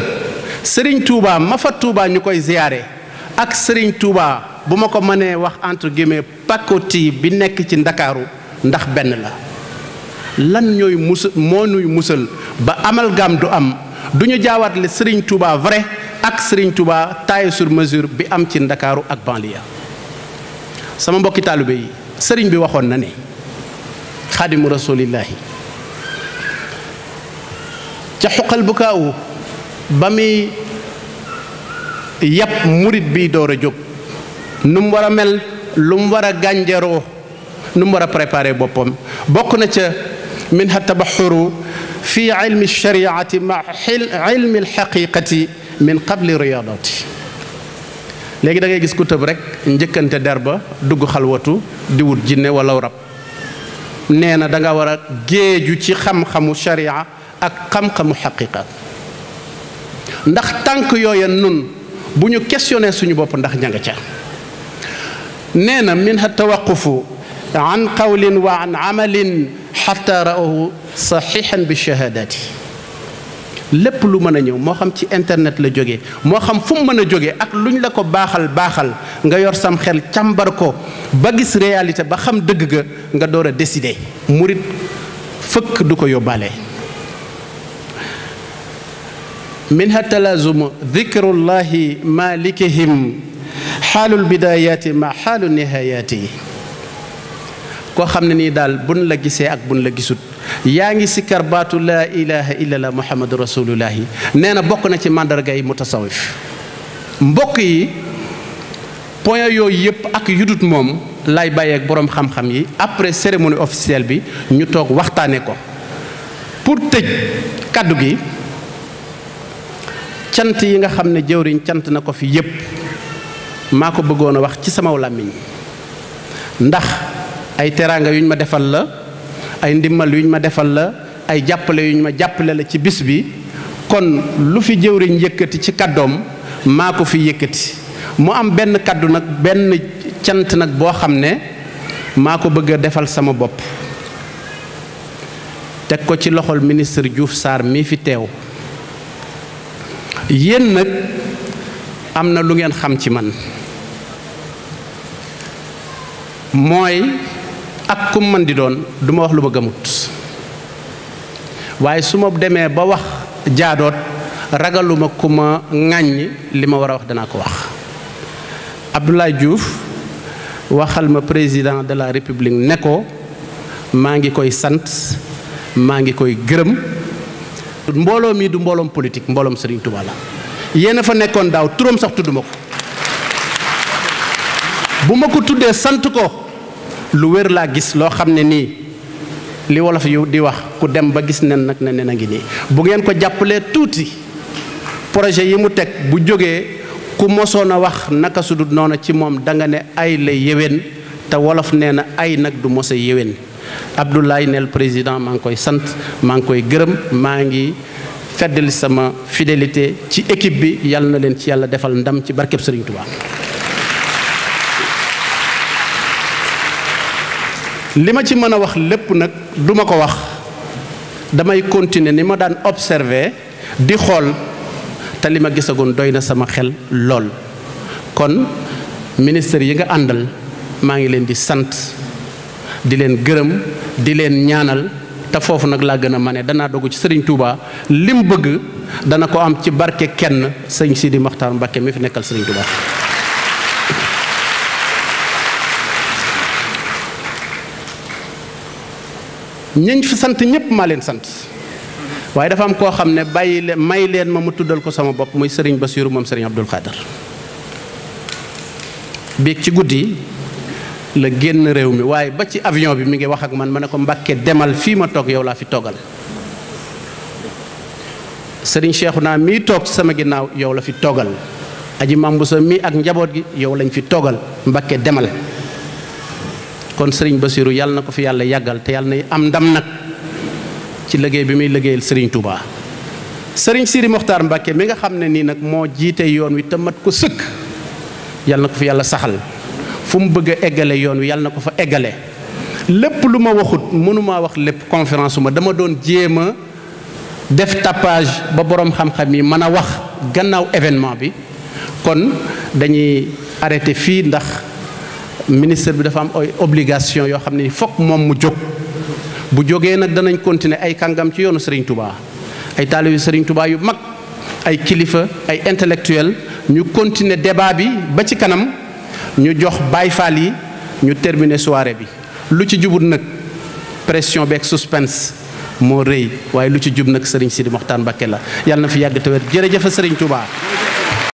Sëriñ Tuubaa ma fa Tuubaa ñu koy ziyaare ak Sëriñ Tuubaa bu ma ko mënee wax entre guillemets pacotille bi nekk ci Ndakaaru ndax benn la lan ñooy mus moo nuy musal ba amal amalgam du am duñu jaawatle sëriñ Serigne Touba vrai ak sëriñ Touba taille sur mesure bi am ci ndakaaru ak banlieue sama mbokki taalibe yi sëriñ bi waxoon na ne xaadimu rasulillahi ca xuqal bu kaawu ba muy yàpp murit bi door a jóg nu mu war a mel lu mu war a gànjaroo nu mu war a préparer boppam bokk na ca منها التبحر في علم الشريعة مع علم الحقيقة من قبل رياضتي léegi da ngay gis ku tëb rek njëkkante der ba dugg xalwatu di wut jinne wala rab nee na da nga war a géeju ci xam-xamu sharia ak xam-xamu xaqiqa ndax tànk yooya nun bu ñu questionné suñu bopp ndax ña nga ca nee na minha tawaqufu an qawlin wa an amalin xataa raahu saxiixan bi shahaadaati lépp lu mën a ñëw moo xam ci internet la jógee moo xam fu mën a jógee ak lu luñ la ko baaxal baaxal nga yor sam xel càmbar ko ba gis réalité ba xam dëgg ga nga door a décider murit fëkk du ko yóbbaale minha talaazum dikrullahi malikihim xaalul bidaayaati ma xaalu nihayaati koo xam ne nii daal bun la gisee ak bun la gisut yaa ngi sikkar baatu laa ilaha illallah muhammadu rasulullahi nee na bokk na ci màndarga yi mutasawif mbokk yi point yooyu yëpp ak yudut moom laay bàyyeek boroom xam-xam yi après cérémonie officielle bi ñu toog waxtaane ko pour tëj kàddu gi cant yi nga xam ne jëwriñ cant na ko fii yëpp maa ko bëggoon a wax ci sama làmmiñ ndax ay teraanga yuñ ma defal la ay ndimmal yuñ ma defal la ay jàppale yuñ ma jàppale la ci bis bi kon lu fi jëwriñ yëkkati ci kàddoom maa ko fi yëkkati mu am benn kàddu nag benn cant nag boo xam ne maa ko bëgg a defal sama bopp teg ko ci loxol ministre juuf Sarr mii fi teew yéen nag am na lu ngeen xam ci man mooy ak kum man di doon du ma wax lu ma gëmut waaye su ma demee ba wax jaadoot ragaluma ku ma ŋàññ li ma war a wax danaa ko wax Abdoulaye Diouf waxal ma président de la république ne ko maa ngi koy sant maa ngi koy gërëm mbooloo mi du mbooloom politique mbooloom Serigne Touba la yéen a fa nekkoon daaw turam sax tudduma ko bu ma ko tuddee sant ko lu wér laa gis loo xam ne nii li wolof yu di wax ku dem ba gis nen nag ne nen a ngi nii bu ngeen ko jàppalee tuuti projet yi mu teg bu jógee ku mosoon a wax naka su dul noonu ci moom danga ne ay la yéwén te wolof nee na ay nag du mos a yéwén Abdoulaye Nel président maa ngi koy sant maa ngi koy gërëm maa ngi feddali sama fidélité ci équipe bi yàlla na leen ci yàlla defal ndam ci barkeb Sëriñ Tuubaa li ma ci mën a wax lépp nag duma ko wax damay continuer ni ma daan observer di xool te li ma gisagoon doy na sama xel lool kon ministre yi nga àndal maa ngi leen di sant di leen gërëm di leen ñaanal te foofu nag laa gën a mane danaa dogu ci sëriñ Touba li mu bëgg dana ko am ci barke kenn sëñ di Maxtaar Mbàkke mi fi nekkal sëriñ Touba ñañ fi sant ñëpp maa leen sant waaye dafa am koo xam ne bàyyi leen may leen ma mu tuddal ko sama bopp muy sëriñ Basiiru moom sëriñ Abdul Xaadar biig ci guddi la génn réew mi waaye ba ci avion bi mi ngi wax ak man ma ne ko mbakke demal fii ma toog yow laa fi toogal sëriñ naa mii toog sama ginnaaw yow la fi toogal aji Mambusa mii ak njaboot gi yow lañ fi toogal mbakke demal kon sëriñ Basiru yàlla na ko fi yàlla yàggal te yàlla na am ndam nag ci liggéey bi muy liggéeyal sëriñ Touba. sëriñ Sidi Mokhtar Mbacke mi nga xam ne nii nag moo jiite yoon wi te mat ko sëkk yàlla na ko fi yàlla saxal fu mu bëgg eggale yoon wi yàlla na ko fa eggale lépp lu ma waxut mënumaa wax lépp conférence ma dama doon jéem a def tapage ba borom xam-xam yi mën a wax gannaaw événement bi kon dañuy arrêté fii ndax. ministre bi dafa am ay obligation yoo xam ni fokk moom mu jóg bu jógee nag danañ continuer ay kàngam ci yoonu Serigne Touba ay taalibe Serigne Touba yu mag ay kilifa ay intellectuel ñu continuer débat bi ba ci kanam ñu jox Baay Faal yi ñu terminer soirée bi lu ci jubut nag pression beeg suspense moo rëy waaye lu ci jub nag Serigne Sidi Mokhtar Mbacké la yàlla na fi yàgg te wér jërëjëf Serigne Touba.